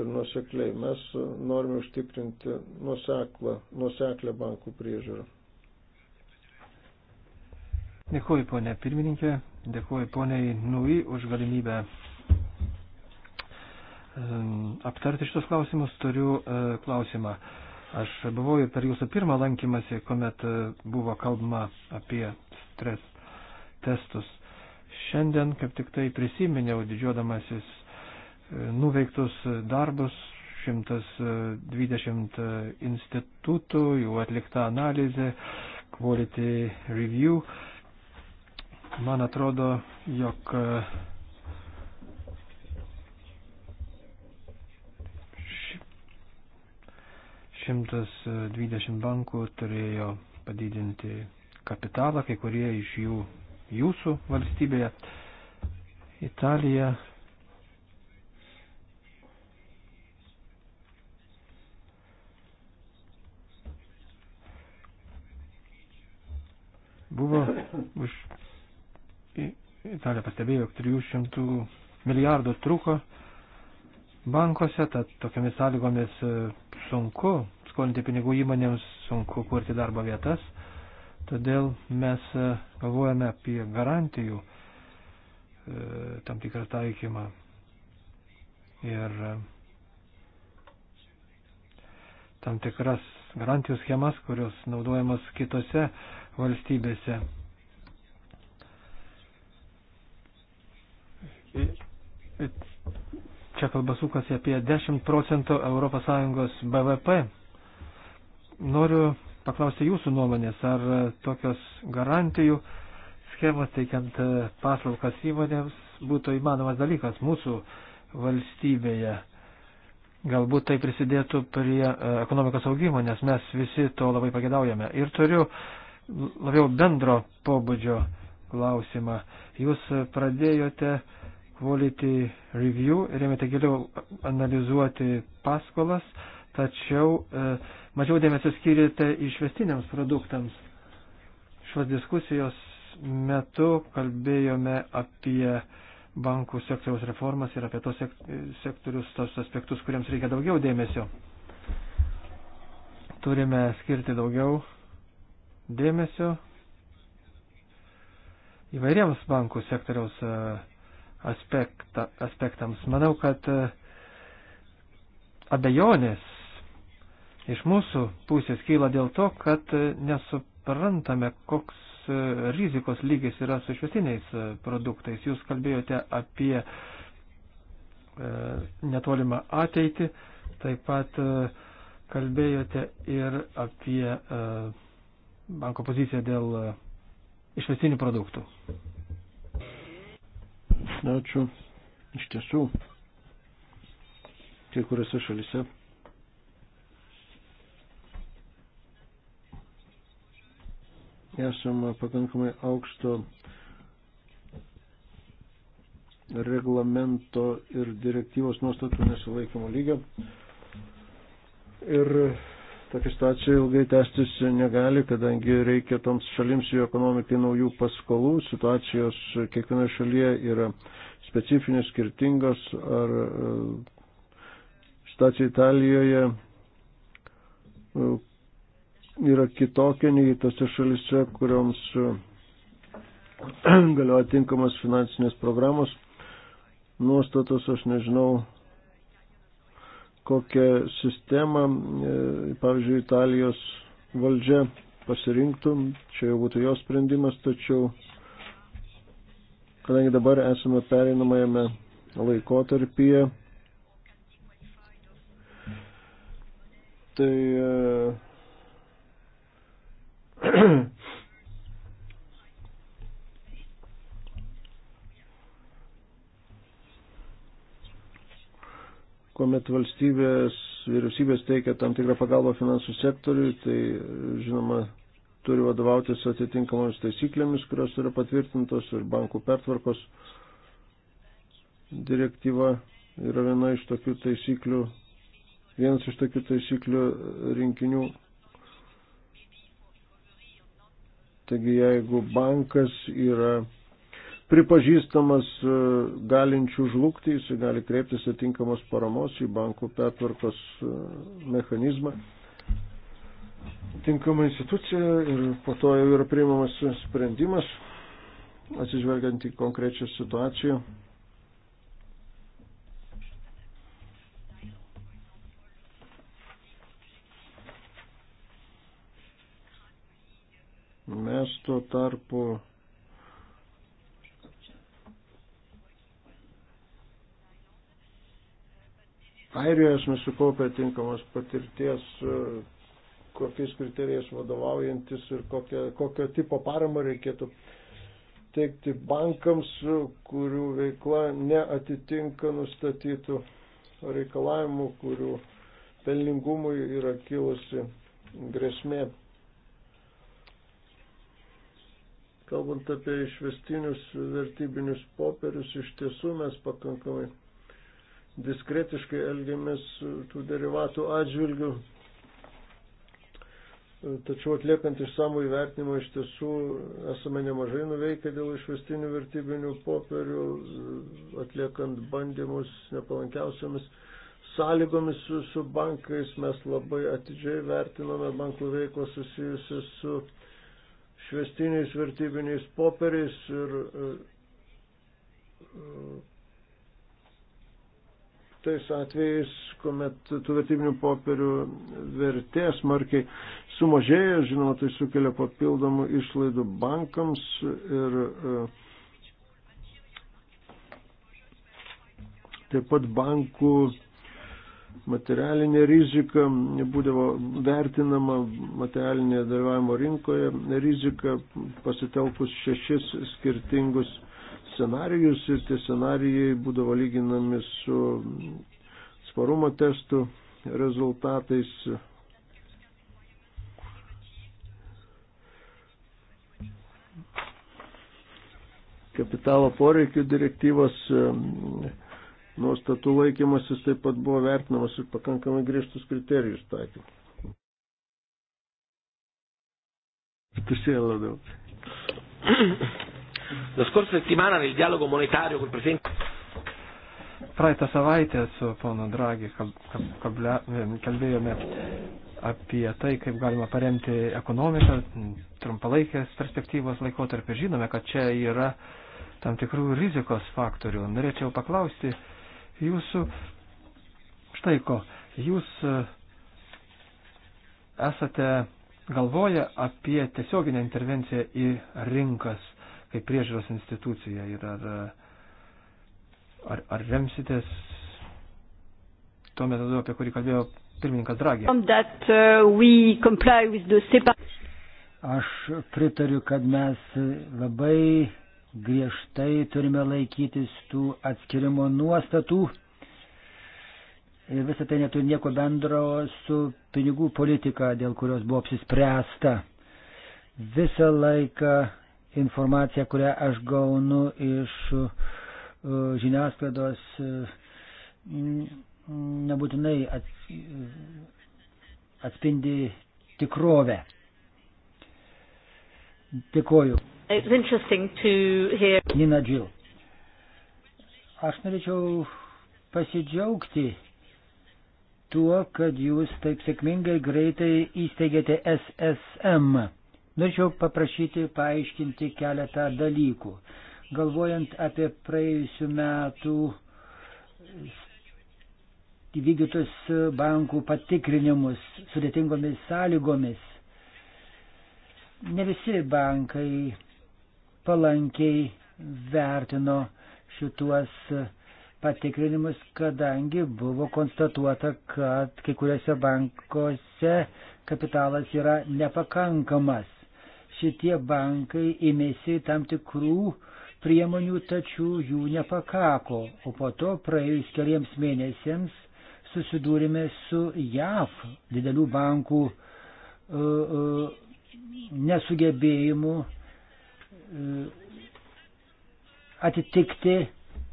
Speaker 2: ir nusekliai. Mes norime užtikrinti nuseklą, nuseklę bankų priežiūrą.
Speaker 1: Dėkuoju, ponė pirmininkė, dėkuoju poniai Nui už galimybę aptarti šitos klausimus, turiu e, klausimą. Aš buvau ir per jūsų pirmą lankymasi, kuomet e, buvo kalbama apie stres testus. Šiandien kaip tik tai prisiminiau didžiuodamasis e, nuveiktus darbus, 120 institutų, jų atlikta analizė, quality review. Man atrodo, jog 120 bankų turėjo padidinti kapitalą, kai kurie iš jų jūsų valstybėje. Italija buvo už Italija pastebėjo, jog 300 milijardų truko bankuose, tad tokiamis sąlygomis e, sunku skolinti pinigų įmonėms, sunku kurti darbo vietas. Todėl mes e, galvojame apie garantijų e, tam tikrą taikymą. Ir tam tikras garantijų schemas, kurios naudojamos kitose valstybėse. It, it, čia kalba sukasi apie 10 procentų ES BVP. Noriu paklausti jūsų nuomonės, ar tokios garantijų schemos teikiant paslaugas įmonėms būtų įmanomas dalykas mūsų valstybėje. Galbūt tai prisidėtų prie e, ekonomikos augimo, nes mes visi to labai pagėdaujame. Ir turiu labiau bendro pobūdžio klausimą. Jūs pradėjote Quality Review ir ėmėte giliau analizuoti paskolas, tačiau e, mažiau dėmesio skirėte išvestiniams produktams. Šios diskusijos metu kalbėjome apie bankų sektoriaus reformas ir apie tos sektorius, tos aspektus, kuriems reikia daugiau dėmesio. Turime skirti daugiau dėmesio įvairiems bankų sektoriaus e, aspekta, aspektams. Manau, kad e, abejonės iš mūsų pusės kyla dėl to, kad e, nesuprantame, koks e, rizikos lygis yra su šviesiniais produktais. Jūs kalbėjote apie netolimą ateitį, taip pat kalbėjote ir apie banko poziciją dėl išvestinių produktų.
Speaker 2: Ačiū. Iš tiesų, kai kuriuose šalise esame pakankamai aukšto reglamento ir direktyvos nuostatų nesilaikymo lygio. Ir Tokia situacija ilgai tęstis negali, kadangi reikia toms šalims jų ekonomikai naujų paskolų. Situacijos kiekvienoje šalyje yra specifinės, skirtingos. Ar e, situacija Italijoje e, yra kitokia nei tose šalise, kurioms e, galioja tinkamas finansinės programos nuostatos. Aš nežinau, kokią sistemą, e, pavyzdžiui, Italijos valdžia pasirinktų, čia jau būtų jos sprendimas, tačiau kadangi dabar esame pereinamajame laikotarpyje, tai e, kuomet valstybės, vyriausybės teikia tam tikrą pagalbą finansų sektoriui, tai žinoma turi vadovautis atitinkamomis taisyklėmis, kurios yra patvirtintos ir bankų pertvarkos direktyva yra viena iš tokių taisyklių, vienas iš tokių taisyklių rinkinių. Taigi jeigu bankas yra pripažįstamas e, galinčių žlugti, jis gali kreiptis atinkamos paramos į bankų pertvarkos e, mechanizmą. Tinkama institucija ir po to jau yra priimamas sprendimas, atsižvelgiant į konkrečią situaciją. Mes tuo tarpu Airijoje esame sukaupę tinkamos patirties, e, kokiais kriterijais vadovaujantis ir kokio, kokio tipo paramą reikėtų teikti bankams, kurių veikla neatitinka nustatytų reikalavimų, kurių pelningumui yra kilusi grėsmė. Kalbant apie išvestinius vertybinius popierius, iš tiesų mes pakankamai diskretiškai elgiamės tų derivatų atžvilgių. Tačiau atliekant išsamų įvertinimą iš tiesų esame nemažai nuveikę dėl išvestinių vertybinių popierių, atliekant bandymus nepalankiausiamis sąlygomis su, su bankais mes labai atidžiai vertinome bankų veiklą susijusią su švestiniais vertybiniais popieriais ir e, e, tais atvejais, kuomet tų vertybinių popierių vertė smarkiai sumažėja, žinoma, tai sukelia papildomų išlaidų bankams ir e, taip pat bankų materialinė rizika būdavo vertinama materialinė dalyvavimo rinkoje rizika pasitelkus šešis skirtingus scenarijus ir tie scenarijai būdavo lyginami su sparumo testų rezultatais. Kapitalo poreikių direktyvos nuostatų laikymasis taip pat buvo vertinamas ir pakankamai griežtus kriterijus taikyti. Tu sėla daug. La scorsa settimana nel dialogo monetario col
Speaker 1: Presidente. Praeitą savaitę su pono Dragi e, kalbėjome apie tai, kaip galima paremti ekonomiką trumpalaikės perspektyvos laikotarpį. Žinome, kad čia yra tam tikrų rizikos faktorių. Norėčiau paklausti jūsų štai ko. Jūs e, esate galvoja apie tiesioginę intervenciją į rinkas kaip priežiūros institucija ir ar, ar, ar remsitės tuo metodu, apie kurį kalbėjo pirmininkas Dragė. Uh, Aš
Speaker 3: pritariu, kad mes labai griežtai turime laikytis tų atskirimo nuostatų. Ir visą tai neturi nieko bendro su pinigų politika, dėl kurios buvo apsispręsta. Visą laiką informacija, kurią aš gaunu iš e, žiniasklaidos, e, nebūtinai atspindi tikrovę. Dėkoju. Nina Džil. Aš norėčiau pasidžiaugti tuo, kad jūs taip sėkmingai greitai įsteigėte SSM. Norėčiau paprašyti paaiškinti keletą dalykų. Galvojant apie praėjusių metų įvykdytus bankų patikrinimus sudėtingomis sąlygomis, ne visi bankai palankiai vertino šituos patikrinimus, kadangi buvo konstatuota, kad kai kuriuose bankuose kapitalas yra nepakankamas šitie bankai ėmėsi tam tikrų priemonių, tačiau jų nepakako. O po to praėjus keliams mėnesiams susidūrėme su JAV didelių bankų uh, uh, nesugebėjimu uh, atitikti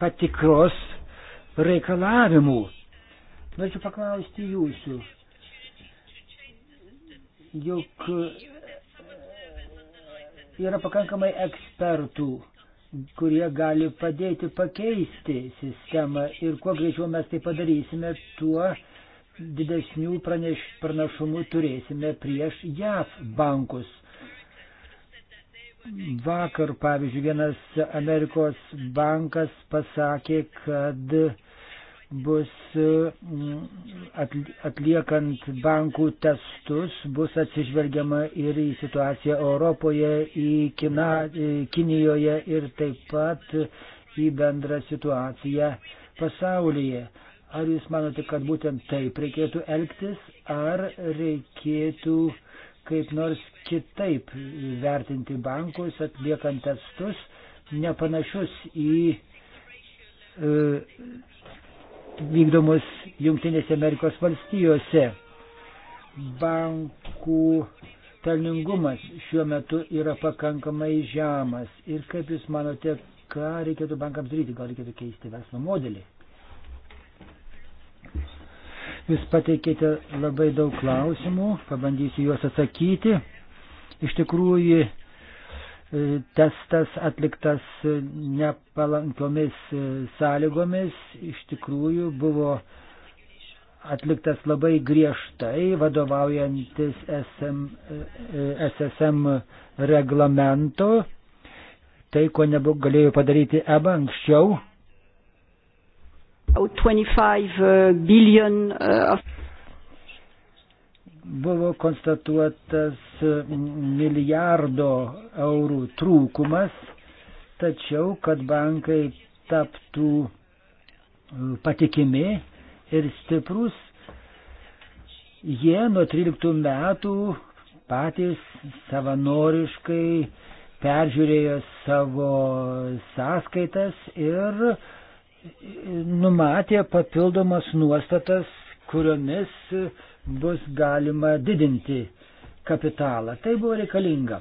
Speaker 3: patikros reikalavimų. Norėčiau paklausti jūsų, juk yra pakankamai ekspertų, kurie gali padėti pakeisti sistemą ir kuo greičiau mes tai padarysime, tuo didesnių praneš, pranašumų turėsime prieš JAV bankus. Vakar, pavyzdžiui, vienas Amerikos bankas pasakė, kad bus mm, atliekant bankų testus, bus atsižvelgiama ir į situaciją Europoje, į Kina, Kinijoje ir taip pat į bendrą situaciją pasaulyje. Ar jūs manote, kad būtent taip reikėtų elgtis, ar reikėtų kaip nors kitaip vertinti bankus, atliekant testus, nepanašus į e, vykdomus Junktinėse Amerikos valstijose. Bankų pelningumas šiuo metu yra pakankamai žemas. Ir kaip Jūs manote, ką reikėtų bankams daryti? Gal reikėtų keisti verslo modelį? Jūs pateikėte labai daug klausimų, pabandysiu juos atsakyti. Iš tikrųjų, testas atliktas nepalankiomis sąlygomis iš tikrųjų buvo atliktas labai griežtai, vadovaujantis SM, SSM reglamento. Tai, ko nebuvo galėjo padaryti EBA anksčiau. 25 uh, billion uh, of buvo konstatuotas milijardo eurų trūkumas, tačiau kad bankai taptų e, patikimi ir stiprus, jie nuo 13 metų patys savanoriškai peržiūrėjo savo sąskaitas ir numatė papildomas nuostatas, kuriomis uh, bus galima didinti kapitalą. Tai buvo reikalinga.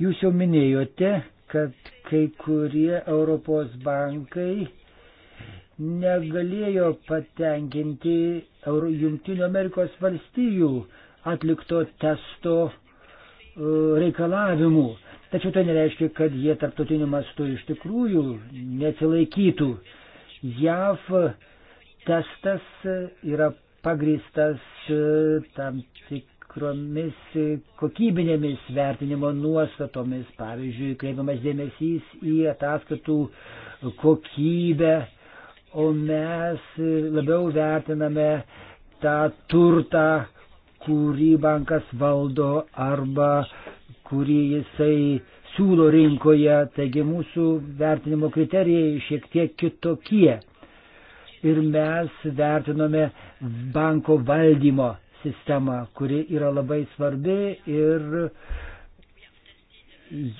Speaker 3: Jūs jau minėjote, kad kai kurie Europos bankai negalėjo patenkinti Junktinių Amerikos valstijų atlikto testo e, reikalavimų. Tačiau tai nereiškia, kad jie tarptautiniu mastu iš tikrųjų neatsilaikytų. JAV testas yra pagristas e, tam tikromis e, kokybinėmis vertinimo nuostatomis. Pavyzdžiui, kreipiamas dėmesys į ataskaitų kokybę, o mes e, labiau vertiname tą turtą, kurį bankas valdo arba kurį jisai siūlo rinkoje. Taigi mūsų vertinimo kriterijai šiek tiek kitokie ir mes vertinome banko valdymo sistemą, kuri yra labai svarbi ir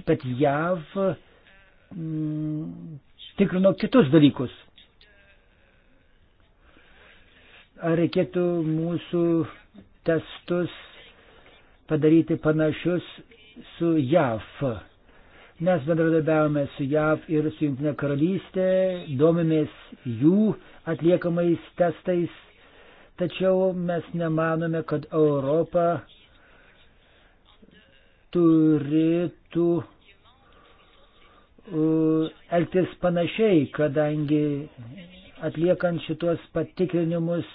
Speaker 3: bet JAV m, mm, tikrino kitus dalykus. Ar reikėtų mūsų testus padaryti panašius su JAV? Mes bendradarbiavome su JAV ir su Junktinė karalystė, domimės jų atliekamais testais, tačiau mes nemanome, kad Europa turėtų elgtis panašiai, kadangi atliekant šitos patikrinimus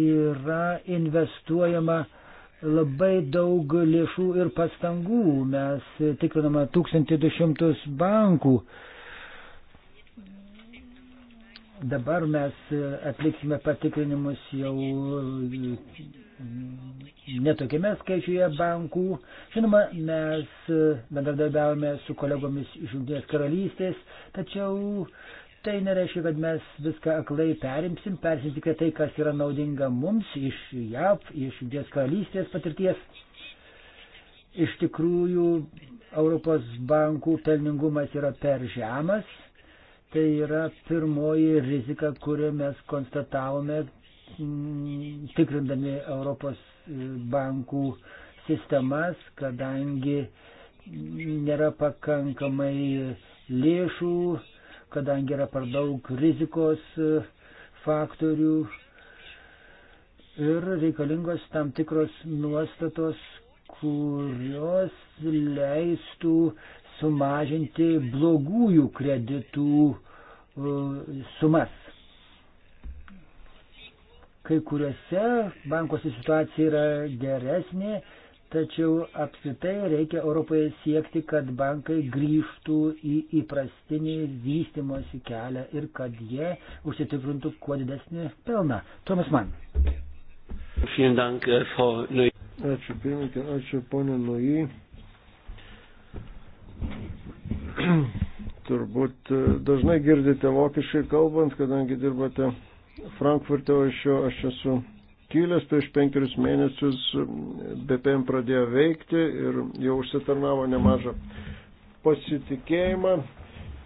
Speaker 3: yra investuojama uh, labai daug lėšų ir pastangų. Mes tikriname 1200 bankų. Dabar mes atliksime patikrinimus jau netokiame skaičiuje bankų. Žinoma, mes bendradarbiavome su kolegomis iš Junktinės karalystės, tačiau Tai nereiškia, kad mes viską aklai perimsim, persim tik tai, kas yra naudinga mums iš JAV, iš Dės karalystės patirties. Iš tikrųjų, Europos bankų pelningumas yra per žemas. Tai yra pirmoji rizika, kurią mes konstatavome mm, tikrindami Europos e, bankų sistemas, kadangi nėra pakankamai lėšų kadangi yra per daug rizikos e, faktorių ir reikalingos tam tikros nuostatos, kurios leistų sumažinti blogųjų kreditų e, sumas. Kai kuriuose bankuose situacija yra geresnė, Tačiau apskritai reikia Europoje siekti, kad bankai grįžtų į įprastinį vystimosi kelią ir kad jie užsitikrintų kuo didesnį pelną. Tomas
Speaker 2: man. Äh, ačiū pirmininkė, ačiū ponė Nui. Turbūt äh, dažnai girdite vokiškai kalbant, kadangi dirbate Frankfurte, o iš jo aš esu kilęs prieš penkerius mėnesius, BPM pradėjo veikti ir jau užsitarnavo nemažą pasitikėjimą.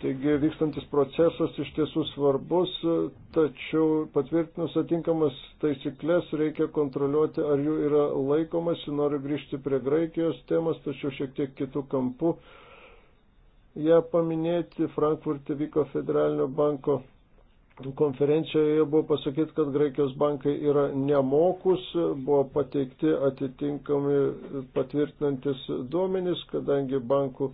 Speaker 2: Taigi vykstantis procesas iš tiesų svarbus, tačiau patvirtinus atinkamas taisyklės reikia kontroliuoti, ar jų yra laikomasi. Noriu grįžti prie Graikijos temas, tačiau šiek tiek kitų kampų. Ja paminėti, Frankfurte vyko Federalinio banko konferencijoje buvo pasakyti, kad Graikijos bankai yra nemokus, buvo pateikti atitinkami patvirtinantis duomenys, kadangi bankų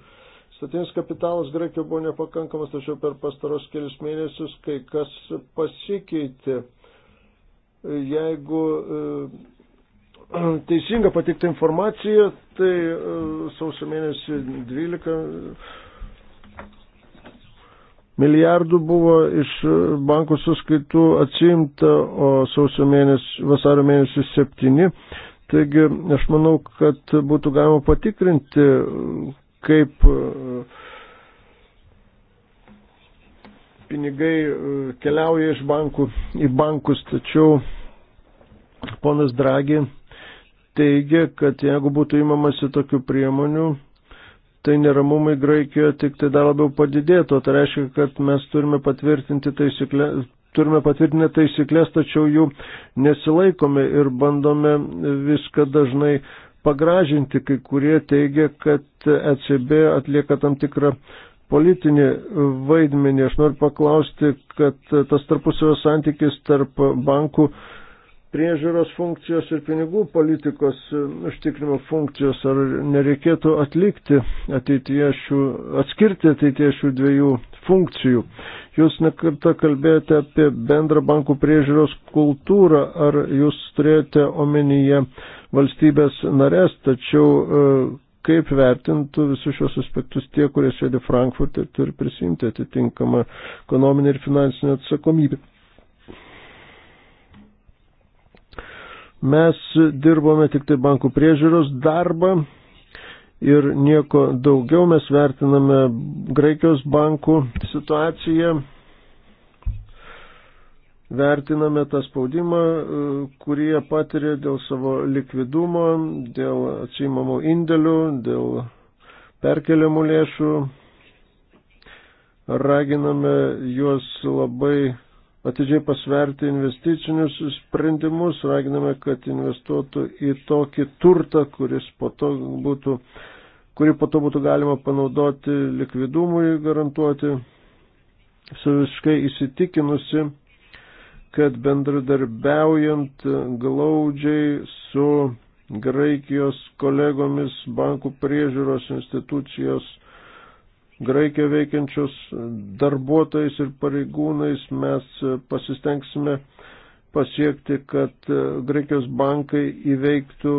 Speaker 2: statinis kapitalas Graikijoje buvo nepakankamas, tačiau per pastaros kelius mėnesius kai kas pasikeitė. Jeigu e, teisinga patikta informacija, tai e, sausio mėnesį 12 milijardų buvo iš e, bankų suskaitų atsiimta, o sausio mėnesį, vasario mėnesį septyni. Taigi aš manau, kad būtų galima patikrinti, kaip e, pinigai e, keliauja iš bankų į bankus, tačiau ponas Dragi teigia, kad jeigu būtų įmamasi tokių priemonių, tai neramumai Graikijoje tik tai dar labiau padidėtų. Tai reiškia, kad mes turime patvirtinti taisyklę. Turime patvirtinę taisyklės, tačiau jų nesilaikome ir bandome viską dažnai pagražinti. Kai kurie teigia, kad ECB atlieka tam tikrą politinį vaidmenį. Aš noriu paklausti, kad tas tarpusavio santykis tarp bankų priežiūros funkcijos ir pinigų politikos e, užtikrimo funkcijos, ar nereikėtų atlikti ateityje šių, atskirti ateityje šių dviejų funkcijų. Jūs nekartą kalbėjote apie bendrą bankų priežiūros kultūrą, ar jūs turėjote omenyje valstybės narės, tačiau e, kaip vertintų visus šios aspektus tie, kurie sėdi Frankfurte ir turi prisimti atitinkamą ekonominę ir finansinę atsakomybę. Mes dirbome tik tai bankų priežiūros darbą ir nieko daugiau mes vertiname Graikijos bankų situaciją, vertiname tą spaudimą, e, kurį jie patiria dėl savo likvidumo, dėl atsimamų indėlių, dėl perkeliamų lėšų, raginame juos labai atidžiai pasverti investicinius sprendimus, raginame, kad investuotų į tokį turtą, kuris po to būtų, kurį po to būtų galima panaudoti likvidumui garantuoti. Su visiškai įsitikinusi, kad bendradarbiaujant glaudžiai su Graikijos kolegomis bankų priežiūros institucijos Graikijoje veikiančius darbuotojais ir pareigūnais mes pasistengsime pasiekti, kad Graikijos bankai įveiktų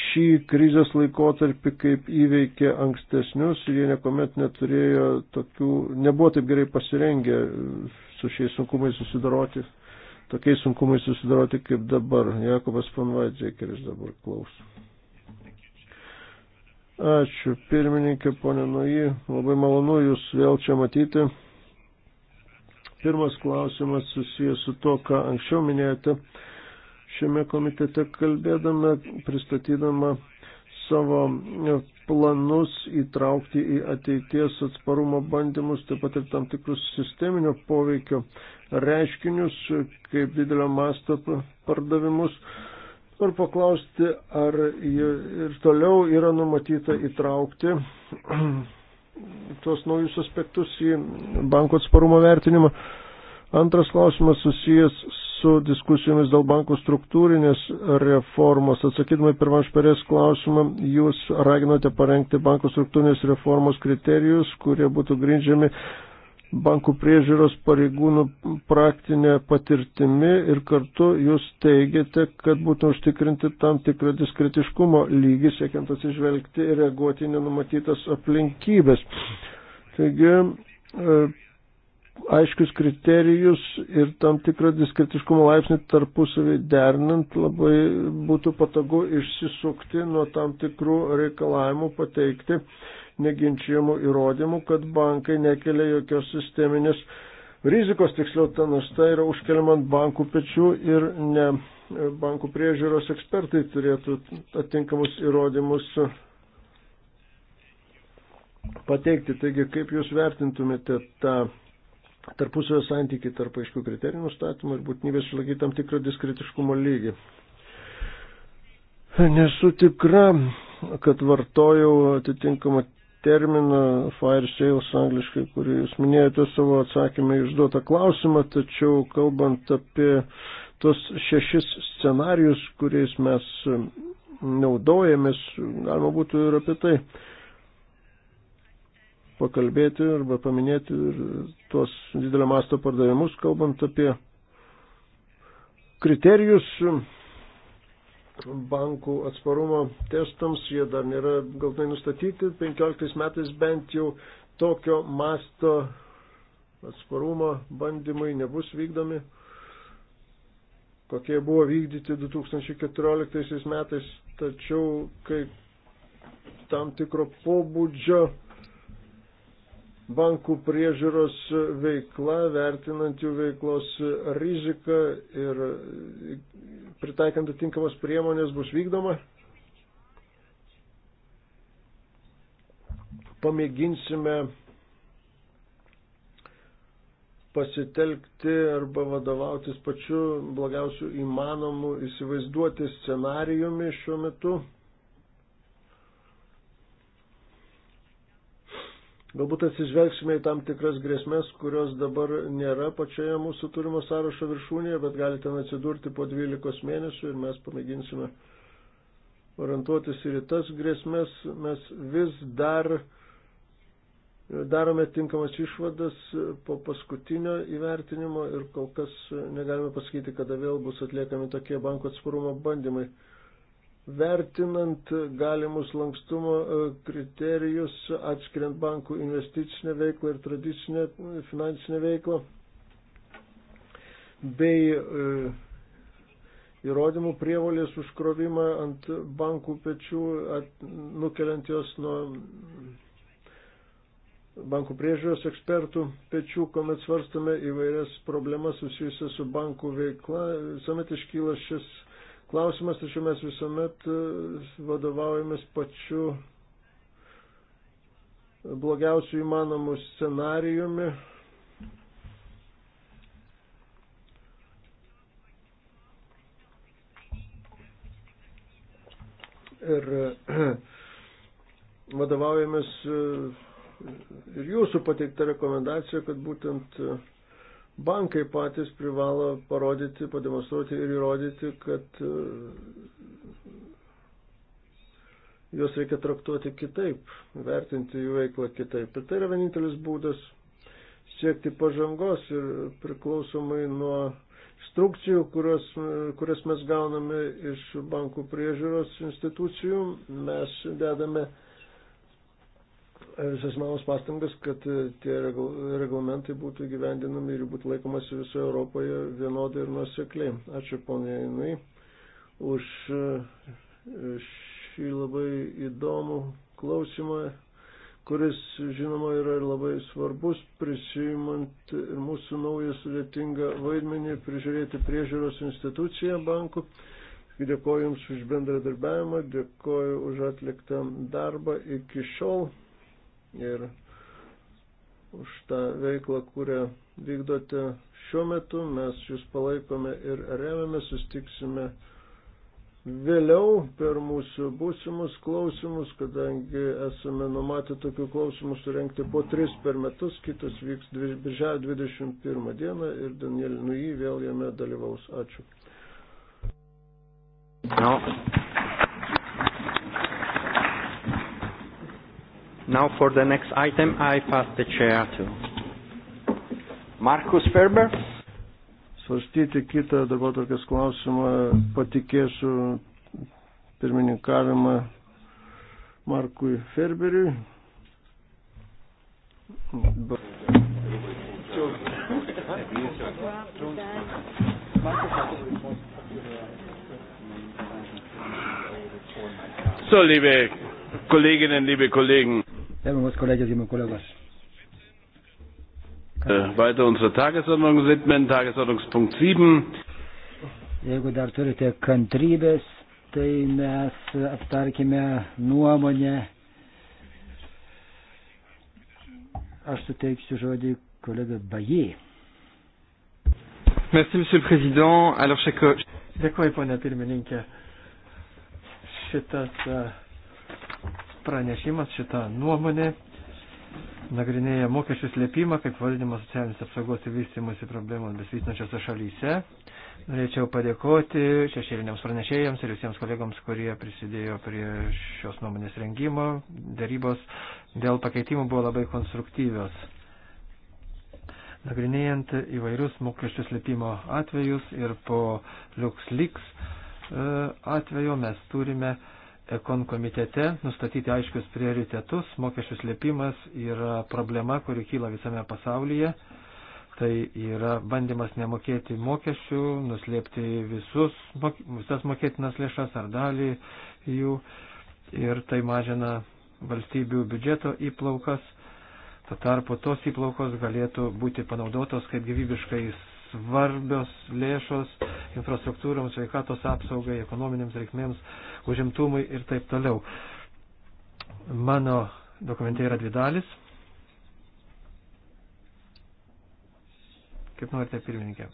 Speaker 2: šį krizės laikotarpį, kaip įveikė ankstesnius ir jie niekuomet neturėjo tokių, nebuvo taip gerai pasirengę su šiais sunkumais susidoroti, tokiais sunkumais susidoroti kaip dabar. Jakobas Panvadžiai, kuris dabar klauso. Ačiū pirmininkė, ponė Nuji, labai malonu Jūs vėl čia matyti. Pirmas klausimas susijęs su to, ką anksčiau minėjote šiame komitete kalbėdama, pristatydama savo planus įtraukti į ateities atsparumo bandymus, taip pat ir tam tikrus sisteminio poveikio reiškinius, kaip didelio masto pardavimus. Noriu paklausti, ar ir toliau yra numatyta įtraukti tuos naujus aspektus į banko atsparumo vertinimą. Antras klausimas susijęs su diskusijomis dėl bankų struktūrinės reformos. Atsakydami pirmąjį šperės klausimą, jūs raginote parengti bankų struktūrinės reformos kriterijus, kurie būtų grindžiami bankų priežiūros pareigūnų praktinė patirtimi ir kartu jūs teigiate, kad būtų užtikrinti tam tikrą diskretiškumo lygį, siekiant atsižvelgti ir reaguoti nenumatytas aplinkybės. Taigi, e, aiškius kriterijus ir tam tikrą diskretiškumo laipsnį tarpusavį derinant labai būtų patogu išsisukti nuo tam tikrų reikalavimų pateikti neginčiamų įrodymų, kad bankai nekelia jokios sisteminės rizikos, tiksliau ta našta yra užkeliama ant bankų pečių ir ne e, bankų priežiūros ekspertai turėtų atinkamus įrodymus pateikti. Taigi, kaip jūs vertintumėte tą tarpusavio santykį tarp aiškių kriterijų nustatymų ir būtinybės išlaikyti tam tikrą diskretiškumo lygį? Nesu tikra, kad vartojau atitinkamą terminą fire sales angliškai, kurį jūs minėjote savo atsakymę išduotą klausimą, tačiau kalbant apie tos šešis scenarius, kuriais mes naudojamės, galima būtų ir apie tai pakalbėti arba paminėti ir tuos didelio masto pardavimus, kalbant apie kriterijus, bankų atsparumo testams, jie dar nėra galtinai nustatyti, 15 metais bent jau tokio masto atsparumo bandymai nebus vykdomi, kokie buvo vykdyti 2014 metais, tačiau kai tam tikro pobūdžio bankų priežiūros veikla, vertinant jų veiklos riziką ir pritaikant atitinkamas priemonės bus vykdoma. Pamėginsime pasitelkti arba vadovautis pačiu blogiausiu įmanomu įsivaizduoti scenarijumi šiuo metu Galbūt atsižvelgsime į tam tikras grėsmės, kurios dabar nėra pačioje mūsų turimo sąrašo viršūnėje, bet gali ten atsidurti po 12 mėnesių ir mes pamėginsime orientuotis ir į tas grėsmės. Mes vis dar darome tinkamas išvadas po paskutinio įvertinimo ir kol kas negalime pasakyti, kada vėl bus atliekami tokie banko atsparumo bandymai. Vertinant galimus lankstumo e, kriterijus, atskiriant bankų investicinę veiklą ir tradicinę finansinę veiklą, bei e, įrodymų prievolės užkrovimą ant bankų pečių, at, nukeliant jos nuo bankų priežiūros ekspertų pečių, kuomet svarstame įvairias problemas susijusias su bankų veikla, visuomet iškyla šis klausimas, tačiau mes visuomet e, vadovaujamės pačiu blogiausių įmanomų scenarijumi. Ir e, vadovaujamės e, ir jūsų pateikta rekomendacija, kad būtent bankai patys privalo parodyti, pademonstruoti ir įrodyti, kad e, juos reikia traktuoti kitaip, vertinti jų veiklą kitaip. Ir tai yra vienintelis būdas siekti pažangos ir priklausomai nuo instrukcijų, kurios, kurias mes gauname iš bankų priežiūros institucijų, mes dedame visas manos pastangas, kad e, tie reglamentai būtų gyvendinami ir būtų laikomasi visoje Europoje vienodai ir nusekliai. Ačiū ponė Inai už e, šį labai įdomų klausimą, kuris, žinoma, yra ir labai svarbus, prisijimant ir mūsų naują sudėtingą vaidmenį prižiūrėti priežiūros instituciją bankų. Dėkoju Jums už bendradarbiavimą, dėkoju už atliktą darbą iki šiol ir už tą veiklą, kurią vykdote šiuo metu. Mes jūs palaikome ir remiame, sustiksime vėliau per mūsų būsimus klausimus, kadangi esame numatę tokių klausimų surenkti po tris per metus, kitas vyks birželio 21 dieną ir Daniel Nui vėl jame dalyvaus. Ačiū.
Speaker 1: No. Now for the next item, I pass the chair to
Speaker 2: Markus Ferber. Svarstyti kitą darbo tokias klausimą patikėsiu pirmininkavimą Markui Ferberiui. So, liebe Kolleginnen, liebe Kollegen.
Speaker 3: Gerbiamas kolegės, gerbiamas kolegos.
Speaker 2: Äh, weiter unsere Tagesordnung widmen, Tagesordnungspunkt 7.
Speaker 3: Jeigu dar turite kantrybės, tai mes aptarkime nuomonę. Aš
Speaker 1: suteiksiu žodį kolega Bajai. Merci, monsieur le président. Alors, chaque... Dėkuoju, ponia pirmininkė. Šitas uh, pranešimas, šita nuomonė nagrinėja mokesčių slėpimą kaip valdymo socialinės apsaugos ir vystymosi problemos besvystančiose šalyse. Norėčiau padėkoti šešėliniams pranešėjams ir visiems kolegams, kurie prisidėjo prie šios nuomonės rengimo. Darybos dėl pakeitimų buvo labai konstruktyvios. Nagrinėjant įvairius mokesčių slėpimo atvejus ir po LuxLeaks e, atveju mes turime uh, Ekon komitete nustatyti aiškius prioritetus. Mokesčių slėpimas yra problema, kuri kyla visame pasaulyje. Tai yra bandymas nemokėti mokesčių, nuslėpti visus, visas mokėtinas lėšas ar dalį jų ir tai mažina valstybių biudžeto įplaukas. Tuo tarpu tos įplaukos galėtų būti panaudotos kaip gyvybiškai svarbios lėšos infrastruktūroms, sveikatos apsaugai, ekonominėms reikmėms, užimtumui ir taip toliau. Mano dokumentai yra dvi dalis. Kaip norite, pirmininkė.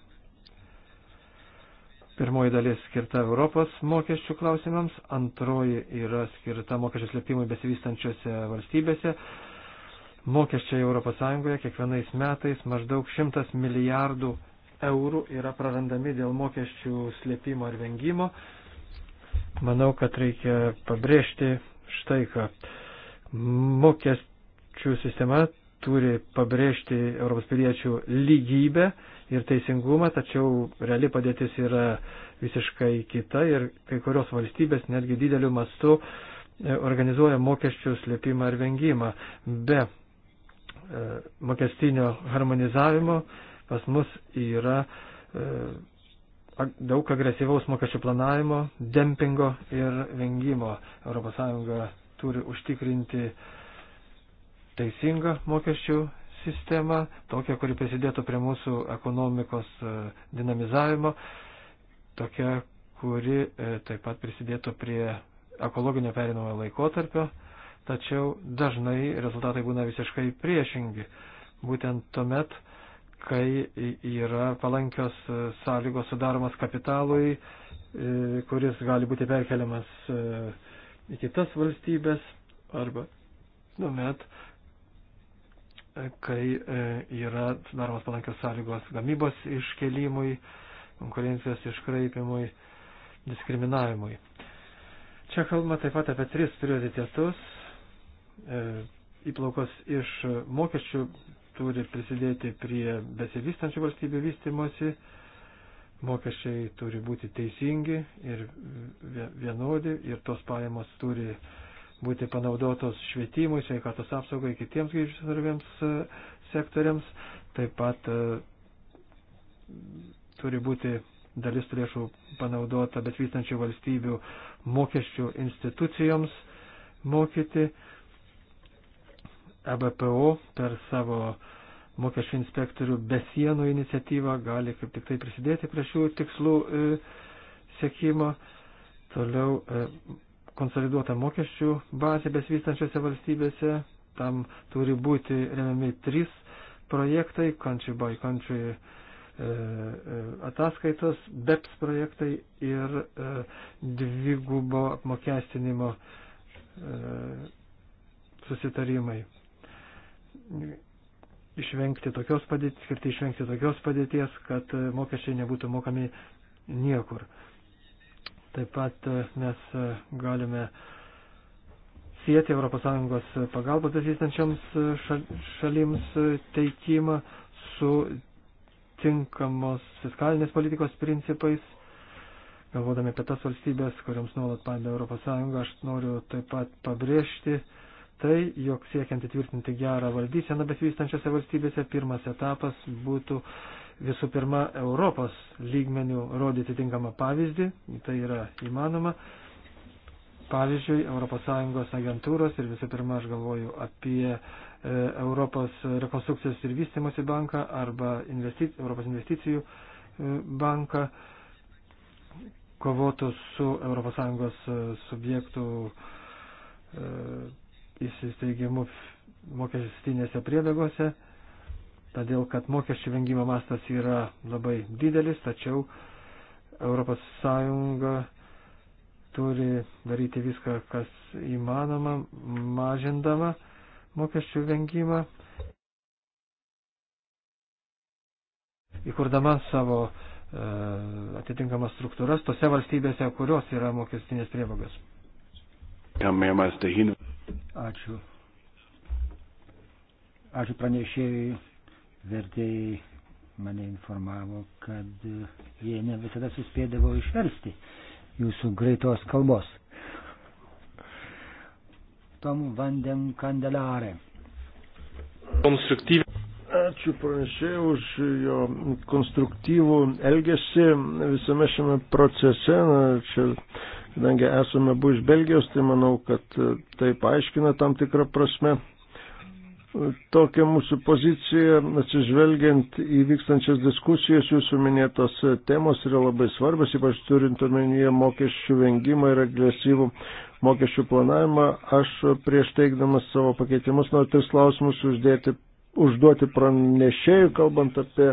Speaker 1: Pirmoji dalis skirta Europos mokesčių klausimams, antroji yra skirta mokesčių slėpimui besivystančiose valstybėse. Mokesčiai ES kiekvienais metais maždaug 100 milijardų eurų yra prarandami dėl mokesčių slėpimo ir vengimo. Manau, kad reikia pabrėžti štai ką. Mokesčių sistema turi pabrėžti Europos piliečių lygybę ir teisingumą, tačiau reali padėtis yra visiškai kita ir kai kurios valstybės netgi dideliu mastu e, organizuoja mokesčių slėpimą ir vengimą. Be e, mokestinio harmonizavimo pas mus yra e, daug agresyvaus mokesčių planavimo, dempingo ir vengimo. ES turi užtikrinti teisingą mokesčių sistemą, tokią, kuri prisidėtų prie mūsų ekonomikos e, dinamizavimo, tokia, kuri e, taip pat prisidėtų prie ekologinio perinamojo laikotarpio, tačiau dažnai rezultatai būna visiškai priešingi. Būtent tuomet, kai yra palankios sąlygos sudaromas kapitalui, e, kuris gali būti perkeliamas e, į kitas valstybės arba tuomet, e, kai yra sudaromas palankios sąlygos gamybos iškelimui, konkurencijos iškraipimui, diskriminavimui. Čia kalbama taip pat apie tris prioritetus įplaukos iš mokesčių turi prisidėti prie besivystančių valstybių vystimosi, mokesčiai turi būti teisingi ir vienodi ir tos pajamos turi būti panaudotos švietimui, sveikatos apsaugai, kitiems gyvybės sektoriams. Taip pat e, turi būti dalis lėšų panaudota betvystančių valstybių mokesčių institucijoms mokyti. EBPO per savo mokesčių inspektorių be sienų iniciatyvą gali kaip tik tai prisidėti prie šių tikslų e, sėkimo. Toliau e, konsoliduota mokesčių bazė besvystančiose valstybėse. Tam turi būti remiami trys projektai - country by country e, e ataskaitos, BEPS projektai ir e, dvigubo apmokestinimo e, susitarimai išvengti tokios padėties, skirti išvengti tokios padėties, kad mokesčiai nebūtų mokami niekur. Taip pat e, mes e, galime sieti ES pagalbos besistančiams e, šalims teikimą su tinkamos fiskalinės politikos principais. Galvodami apie tas valstybės, kuriams nuolat padeda ES, aš noriu taip pat pabrėžti, tai, jog siekiant įtvirtinti gerą valdyseną besivystančiose valstybėse, pirmas etapas būtų visų pirma Europos lygmenių rodyti tinkamą pavyzdį, tai yra įmanoma. Pavyzdžiui, ES agentūros ir visų pirma aš galvoju apie e, Europos rekonstrukcijos ir vystimosi banką arba investicijų, Europos investicijų e, banką kovotų su ES subjektų e, įsisteigimu mokestinėse priedagose, todėl kad mokesčių vengimo mastas yra labai didelis, tačiau ES turi daryti viską, kas įmanoma, mažindama mokesčių vengimą, įkurdama savo e, atitinkamas struktūras tose valstybėse, kurios yra mokestinės prievogas. Ačiū. Ačiū pranešėjai.
Speaker 3: Vertėjai mane informavo, kad jie ne visada suspėdavo išversti jūsų greitos kalbos. Tom vandem kandelare.
Speaker 2: Konstruktyviai. Ačiū pranešėjai už jo konstruktyvų elgesį visame šiame procese. Na, čia Kadangi esame buvo iš Belgijos, tai manau, kad e, tai paaiškina tam tikrą prasme e, tokia mūsų pozicija, atsižvelgiant į vykstančias diskusijas, jūsų minėtos e, temos yra labai svarbios, ypač turint omenyje mokesčių vengimą ir agresyvų mokesčių planavimą. Aš prieš teikdamas savo pakeitimus noriu tris klausimus uždėti užduoti pranešėjų, kalbant apie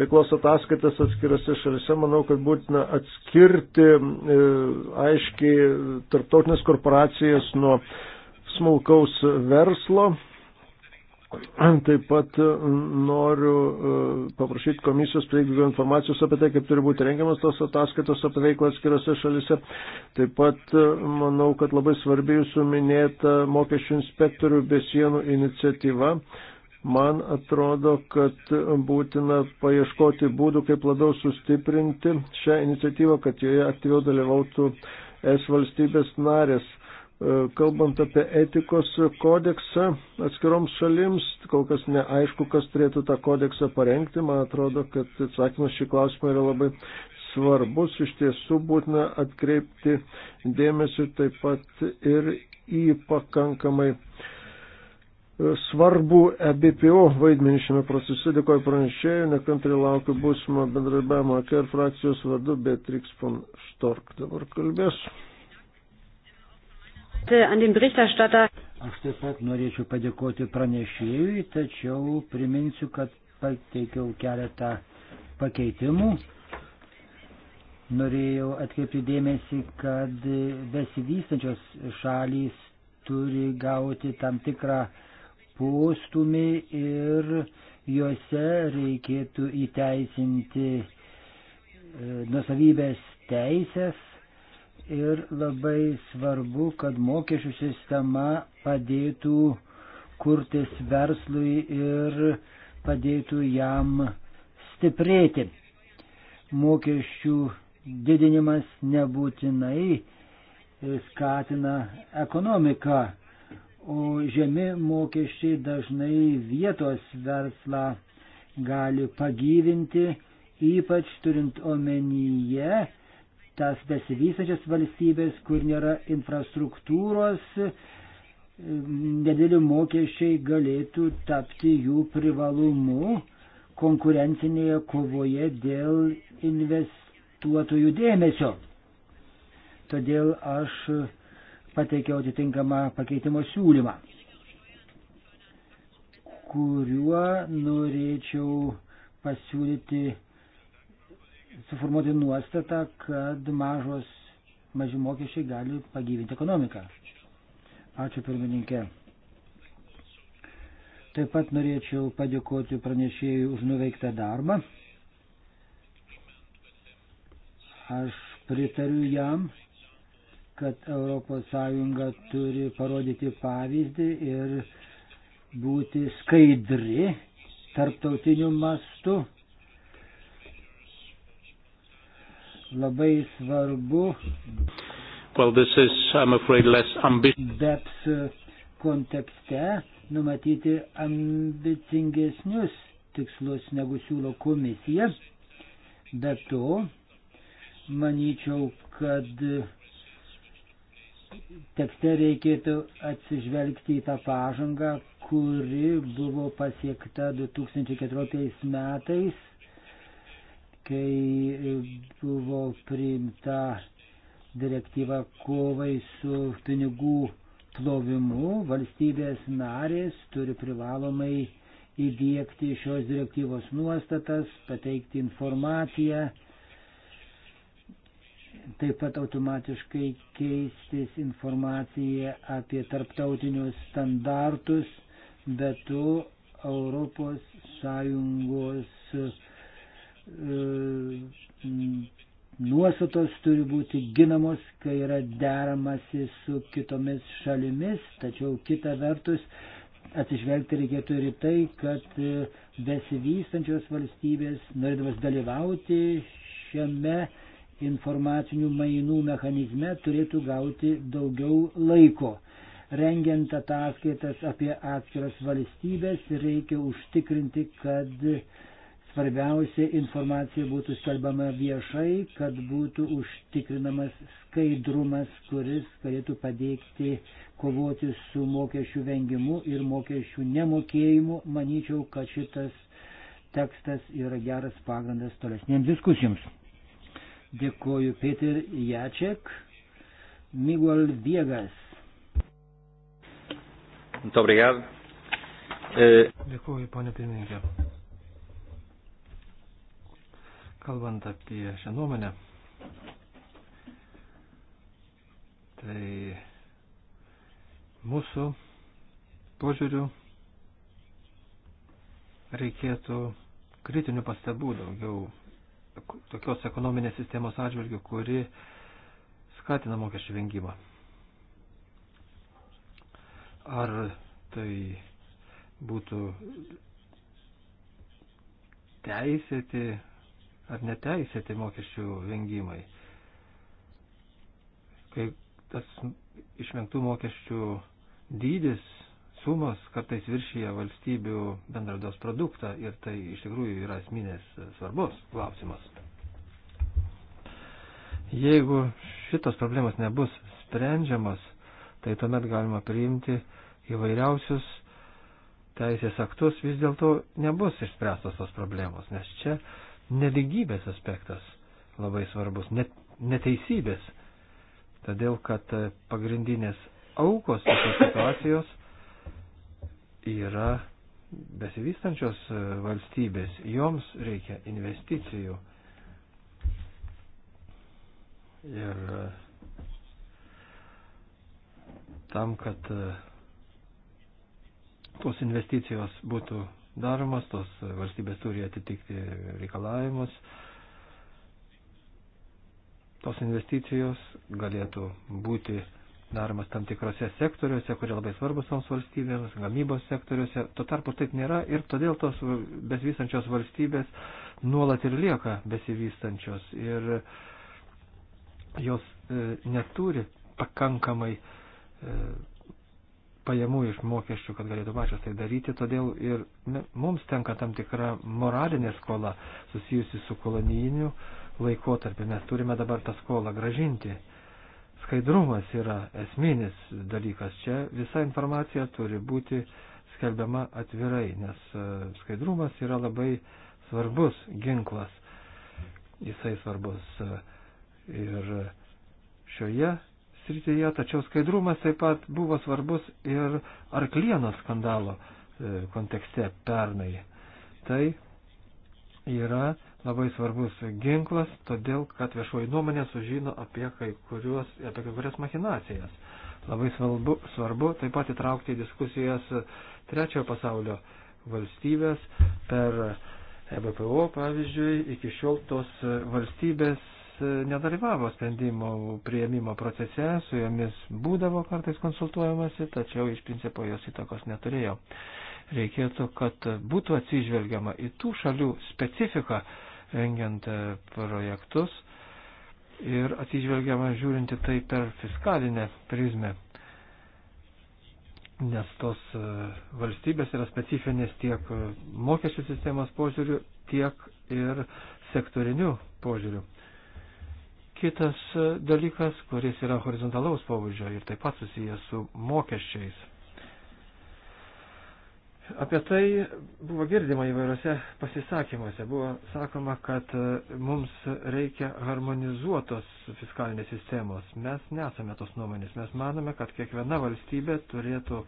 Speaker 2: veiklos ataskaitas atskirose šalise. Manau, kad būtina atskirti e, aiškiai tarptautinės korporacijas nuo smulkaus verslo. Taip pat noriu e, paprašyti komisijos prieigų informacijos apie tai, kaip turi būti rengiamas tos ataskaitos apie veiklą atskirose šalise. Taip pat e, manau, kad labai svarbi jūsų minėta mokesčių inspektorių besienų iniciatyva. Man atrodo, kad būtina paieškoti būdų, kaip labiau sustiprinti šią iniciatyvą, kad joje aktyviau dalyvautų es valstybės narės. E, kalbant apie etikos kodeksą atskiroms šalims, kol kas neaišku, kas turėtų tą kodeksą parengti. Man atrodo, kad atsakymas šį klausimą yra labai svarbus. Iš tiesų būtina atkreipti dėmesį taip pat ir į pakankamai uh, svarbu EBPO vaidmenį šiame procese. Dėkoju pranešėjui, nekantriai laukiu būsimo bendradarbiavimo AKR frakcijos vardu Beatrix von Stork. Dabar kalbės.
Speaker 3: Aš taip pat norėčiau padėkoti pranešėjui, tačiau priminsiu, kad pateikiau keletą pakeitimų. Norėjau atkreipti dėmesį, kad besivystančios šalys turi gauti tam tikrą uh, postumį ir juose reikėtų įteisinti e, nusavybės teisės ir labai svarbu, kad mokesčių sistema padėtų kurtis verslui ir padėtų jam stiprėti. Mokesčių didinimas nebūtinai skatina ekonomiką, o žemi mokesčiai dažnai vietos verslą gali pagyvinti, ypač turint omenyje tas besivysančias valstybės, kur nėra infrastruktūros, nedėlių mokesčiai galėtų tapti jų privalumu konkurencinėje kovoje dėl investuotojų dėmesio. Todėl aš pateikiau atitinkamą pakeitimo siūlymą, kuriuo norėčiau pasiūlyti suformuoti nuostatą, kad mažos maži mokesčiai gali pagyvinti ekonomiką. Ačiū pirmininkė. Taip pat norėčiau padėkoti pranešėjui už nuveiktą darbą. Aš pritariu jam kad ES turi parodyti pavyzdį ir būti skaidri tarptautiniu mastu. Labai svarbu.
Speaker 2: Well, this is, I'm afraid, less
Speaker 3: BEPS kontekste numatyti ambicingesnius tikslus negu siūlo komisija. Be to, manyčiau, kad tekste reikėtų atsižvelgti į tą pažangą, kuri buvo pasiekta 2014 metais, kai buvo priimta direktyva kovai su pinigų plovimu. Valstybės narės turi privalomai įdėkti šios direktyvos nuostatas, pateikti informaciją taip pat automatiškai keistis informacija apie tarptautinius standartus, bet tu Europos Sąjungos e, nuostatos turi būti ginamos, kai yra deramasi su kitomis šalimis, tačiau kita vertus atsižvelgti reikėtų ir tai, kad e, besivystančios valstybės, norėdamas dalyvauti šiame informacinių mainų mechanizme turėtų gauti daugiau laiko. Rengiant ataskaitas apie atskiras valstybės reikia užtikrinti, kad svarbiausia informacija būtų skelbama viešai, kad būtų užtikrinamas skaidrumas, kuris galėtų padėti kovoti su mokesčių vengimu ir mokesčių nemokėjimu. Manyčiau, kad šitas tekstas yra geras pagrindas tolesniems diskusijoms. Dėkoju Peter Jaček. Miguel Viegas.
Speaker 2: Muito obrigado. Eh,
Speaker 1: Dėkuoju, ponė pirmininkė. Kalbant apie šią nuomonę, tai mūsų požiūrių reikėtų kritinių pastabų daugiau tokios ekonominės sistemos atžvilgių, kuri skatina mokesčių vengimą. Ar tai būtų teisėti ar neteisėti mokesčių vengimai. Kai tas išmengtų mokesčių dydis sumos kartais viršyje valstybių bendrados produktą ir tai iš tikrųjų yra asmenės svarbos klausimas. Jeigu šitos problemos nebus sprendžiamas, tai tuomet galima priimti įvairiausius teisės aktus, vis dėlto nebus išspręstos tos problemos, nes čia neligybės aspektas labai svarbus, net, neteisybės, todėl kad pagrindinės aukos tos situacijos yra besivystančios e, valstybės, joms reikia investicijų. Ir e, tam, kad e, tos investicijos būtų daromas, tos valstybės turi atitikti reikalavimus. Tos investicijos galėtų būti daromas tam tikrose sektoriuose, kurie labai svarbus toms valstybėms, gamybos sektoriuose. Tuo tarpu taip nėra ir todėl tos besivystančios valstybės nuolat ir lieka besivystančios ir jos e, neturi pakankamai e, pajamų iš mokesčių, kad galėtų pačios tai daryti, todėl ir mums tenka tam tikra moralinė skola susijusi su kolonijiniu laikotarpiu. Mes turime dabar tą skolą gražinti. Skaidrumas yra esminis dalykas. Čia visa informacija turi būti skelbiama atvirai, nes e, skaidrumas yra labai svarbus ginklas. Jisai svarbus e, ir šioje srityje, tačiau skaidrumas taip pat buvo svarbus ir arklienos skandalo e, kontekste pernai. Tai yra labai svarbus ginklas, todėl kad viešoji nuomonė sužino apie kai, kuriuos, apie kai kurias machinacijas. Labai svarbu, svarbu taip pat įtraukti į diskusijas trečiojo pasaulio valstybės per EBPO, pavyzdžiui, iki šiol tos valstybės nedalyvavo sprendimo prieimimo procese, su jomis būdavo kartais konsultuojamasi, tačiau iš principo jos įtakos neturėjo. Reikėtų, kad būtų atsižvelgiama į tų šalių specifiką, rengiant e, projektus ir atsižvelgiama žiūrinti tai per fiskalinę prizmę, nes tos e, valstybės yra specifinės tiek mokesčių sistemos požiūrių, tiek ir sektorinių požiūrių. Kitas e, dalykas, kuris yra horizontalaus pobūdžio ir taip pat susijęs su mokesčiais Apie tai buvo girdima įvairiose pasisakymuose. Buvo sakoma, kad e, mums reikia harmonizuotos fiskalinės sistemos. Mes nesame tos nuomonės. Mes manome, kad kiekviena valstybė turėtų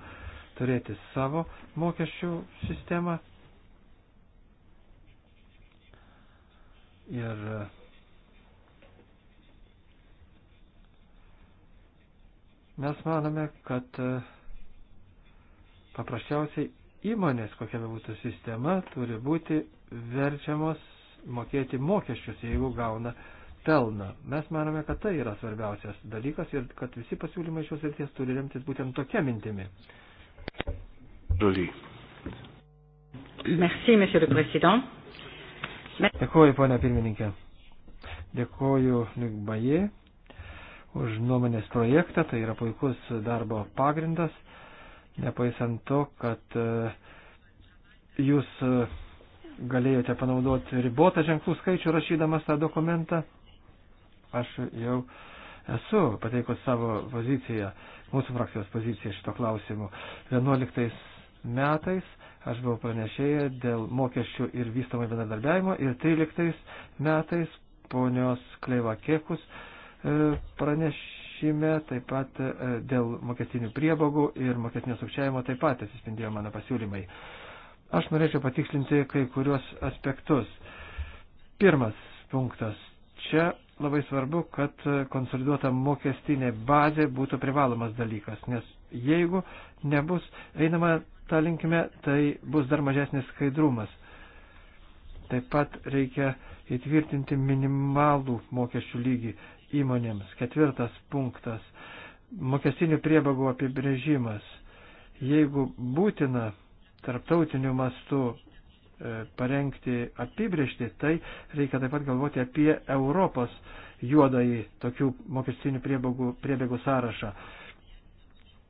Speaker 1: turėti savo mokesčių sistemą. Ir e, mes manome, kad e, paprasčiausiai Įmonės, kokia būtų sistema, turi būti verčiamos mokėti mokesčius, jeigu gauna pelną. Mes manome, kad tai yra svarbiausias dalykas ir kad visi pasiūlymai šios ryties turi remtis būtent tokia mintimi. Dulį. Merci, monsieur le président. Dėkuoju, ponia pirmininkė. Dėkuoju Liukbaje už nuomonės projektą, tai yra puikus darbo pagrindas nepaisant to, kad e, jūs e, galėjote panaudoti ribotą ženklų skaičių rašydamas tą dokumentą. Aš jau esu pateikus savo poziciją, mūsų frakcijos poziciją šito klausimu. 11 metais aš buvau pranešėję dėl mokesčių ir vystomo bendradarbiavimo ir 13 metais ponios Kleiva Kiekus e, praneš, pranešime, taip pat e, dėl mokestinių priebogų ir mokestinio sukčiavimo taip pat atsispindėjo mano pasiūlymai. Aš norėčiau patikslinti kai kuriuos aspektus. Pirmas punktas. Čia labai svarbu, kad konsoliduota mokestinė bazė būtų privalomas dalykas, nes jeigu nebus einama tą linkime, tai bus dar mažesnis skaidrumas. Taip pat reikia įtvirtinti minimalų mokesčių lygį įmonėms. Ketvirtas punktas - mokestinių priebagų apibrėžimas. Jeigu būtina tarptautiniu mastu e, parengti apibrėžti, tai reikia taip pat galvoti apie Europos juodąjį tokių mokestinių priebagų, priebėgų sąrašą.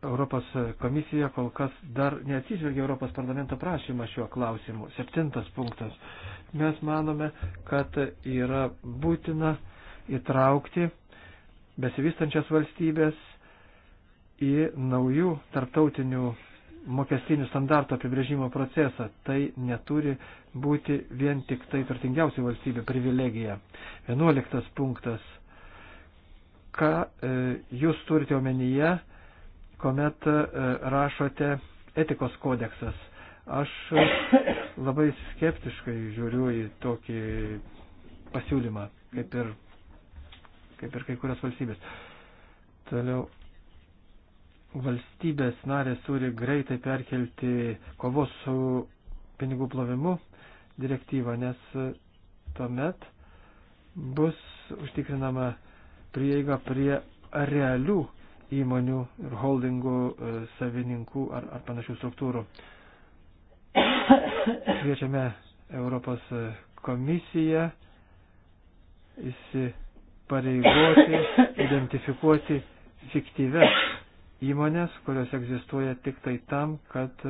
Speaker 1: Europos komisija kol kas dar neatsižvelgia Europos parlamento prašymą šiuo klausimu. Septintas punktas. Mes manome, kad yra būtina uh, įtraukti besivystančias valstybės į naujų tarptautinių mokestinių standartų apibrėžimo procesą. Tai neturi būti vien tik tai turtingiausių valstybių privilegija. Vienuoliktas punktas. Ką e, jūs turite omenyje, kuomet e, rašote etikos kodeksas? Aš labai skeptiškai žiūriu į tokį pasiūlymą, kaip ir kaip ir kai kurios valstybės. Toliau valstybės narės turi greitai perkelti kovos su pinigų plovimu direktyvą, nes tuomet bus užtikrinama prieiga prie realių įmonių ir holdingų e, savininkų ar, ar panašių struktūrų. Kviečiame Europos e, komisiją įsitikti įpareigoti, identifikuoti fiktyves įmonės, kurios egzistuoja tik tai tam, kad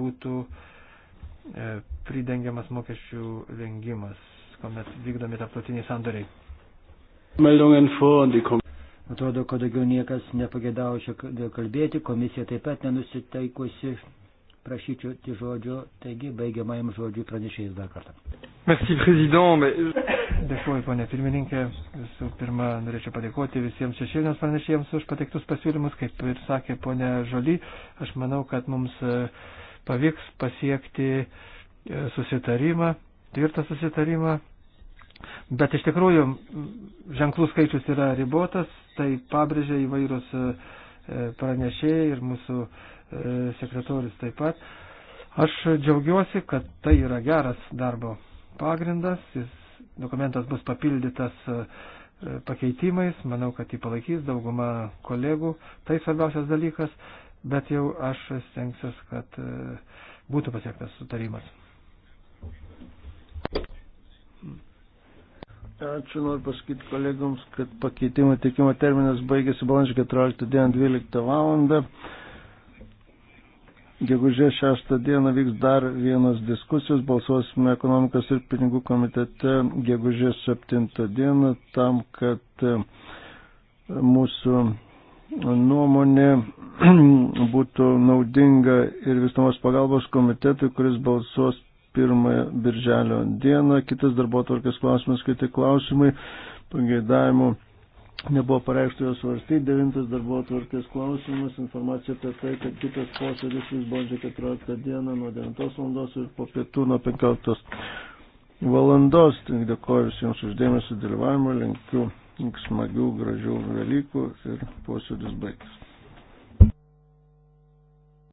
Speaker 1: būtų e, pridengiamas mokesčių vengimas, kuomet vykdomi tarptautiniai sandoriai.
Speaker 3: Atrodo, kad daugiau niekas nepagėdavo čia kalbėti, komisija taip pat nenusiteikusi prašyčiau ti žodžio, taigi baigiamajam žodžiui pranešėjus dar kartą.
Speaker 1: Merci, prezident. Euh, dėkuoju, ponė pirmininkė. Visų pirma, norėčiau padėkoti visiems šešėlėms pranešėjams už pateiktus pasiūlymus. Kaip ir sakė ponė Žoly, aš manau, kad mums e, pavyks pasiekti e, susitarimą, tvirtą susitarimą. Bet iš tikrųjų ženklų skaičius yra ribotas, tai pabrėžia įvairūs e, pranešėjai ir mūsų uh, E, sekretorius taip pat. Aš džiaugiuosi, kad tai yra geras darbo pagrindas, jis, dokumentas bus papildytas e, pakeitimais, manau, kad jį palaikys dauguma kolegų, tai svarbiausias dalykas, bet jau aš stengsiuosi, kad e, būtų pasiektas sutarimas.
Speaker 2: Ačiū, noriu pasakyti kolegams, kad pakeitimo teikimo terminas baigėsi balandžio 14 dieną 12 valandą. Gegužės 6 dieną vyks dar vienas diskusijos, balsuosime ekonomikos ir pinigų komitete gegužės 7 dieną tam, kad e, mūsų nuomonė būtų naudinga ir visumos pagalbos komitetui, kuris balsuos pirmąją birželio dieną. Kitas darbo tvarkės klausimas, kai tai klausimai, pageidavimų nebuvo pareikštų jos svarstyti. Devintas darbo atvarkės klausimas, informacija apie tai, kad kitas posėdis vis balandžio 14 dieną nuo 9 valandos ir po pietų nuo 15 valandos. Dėkoju visiems uždėmesį dalyvavimą, linkiu smagių, gražių Velykų ir posėdis baigtas.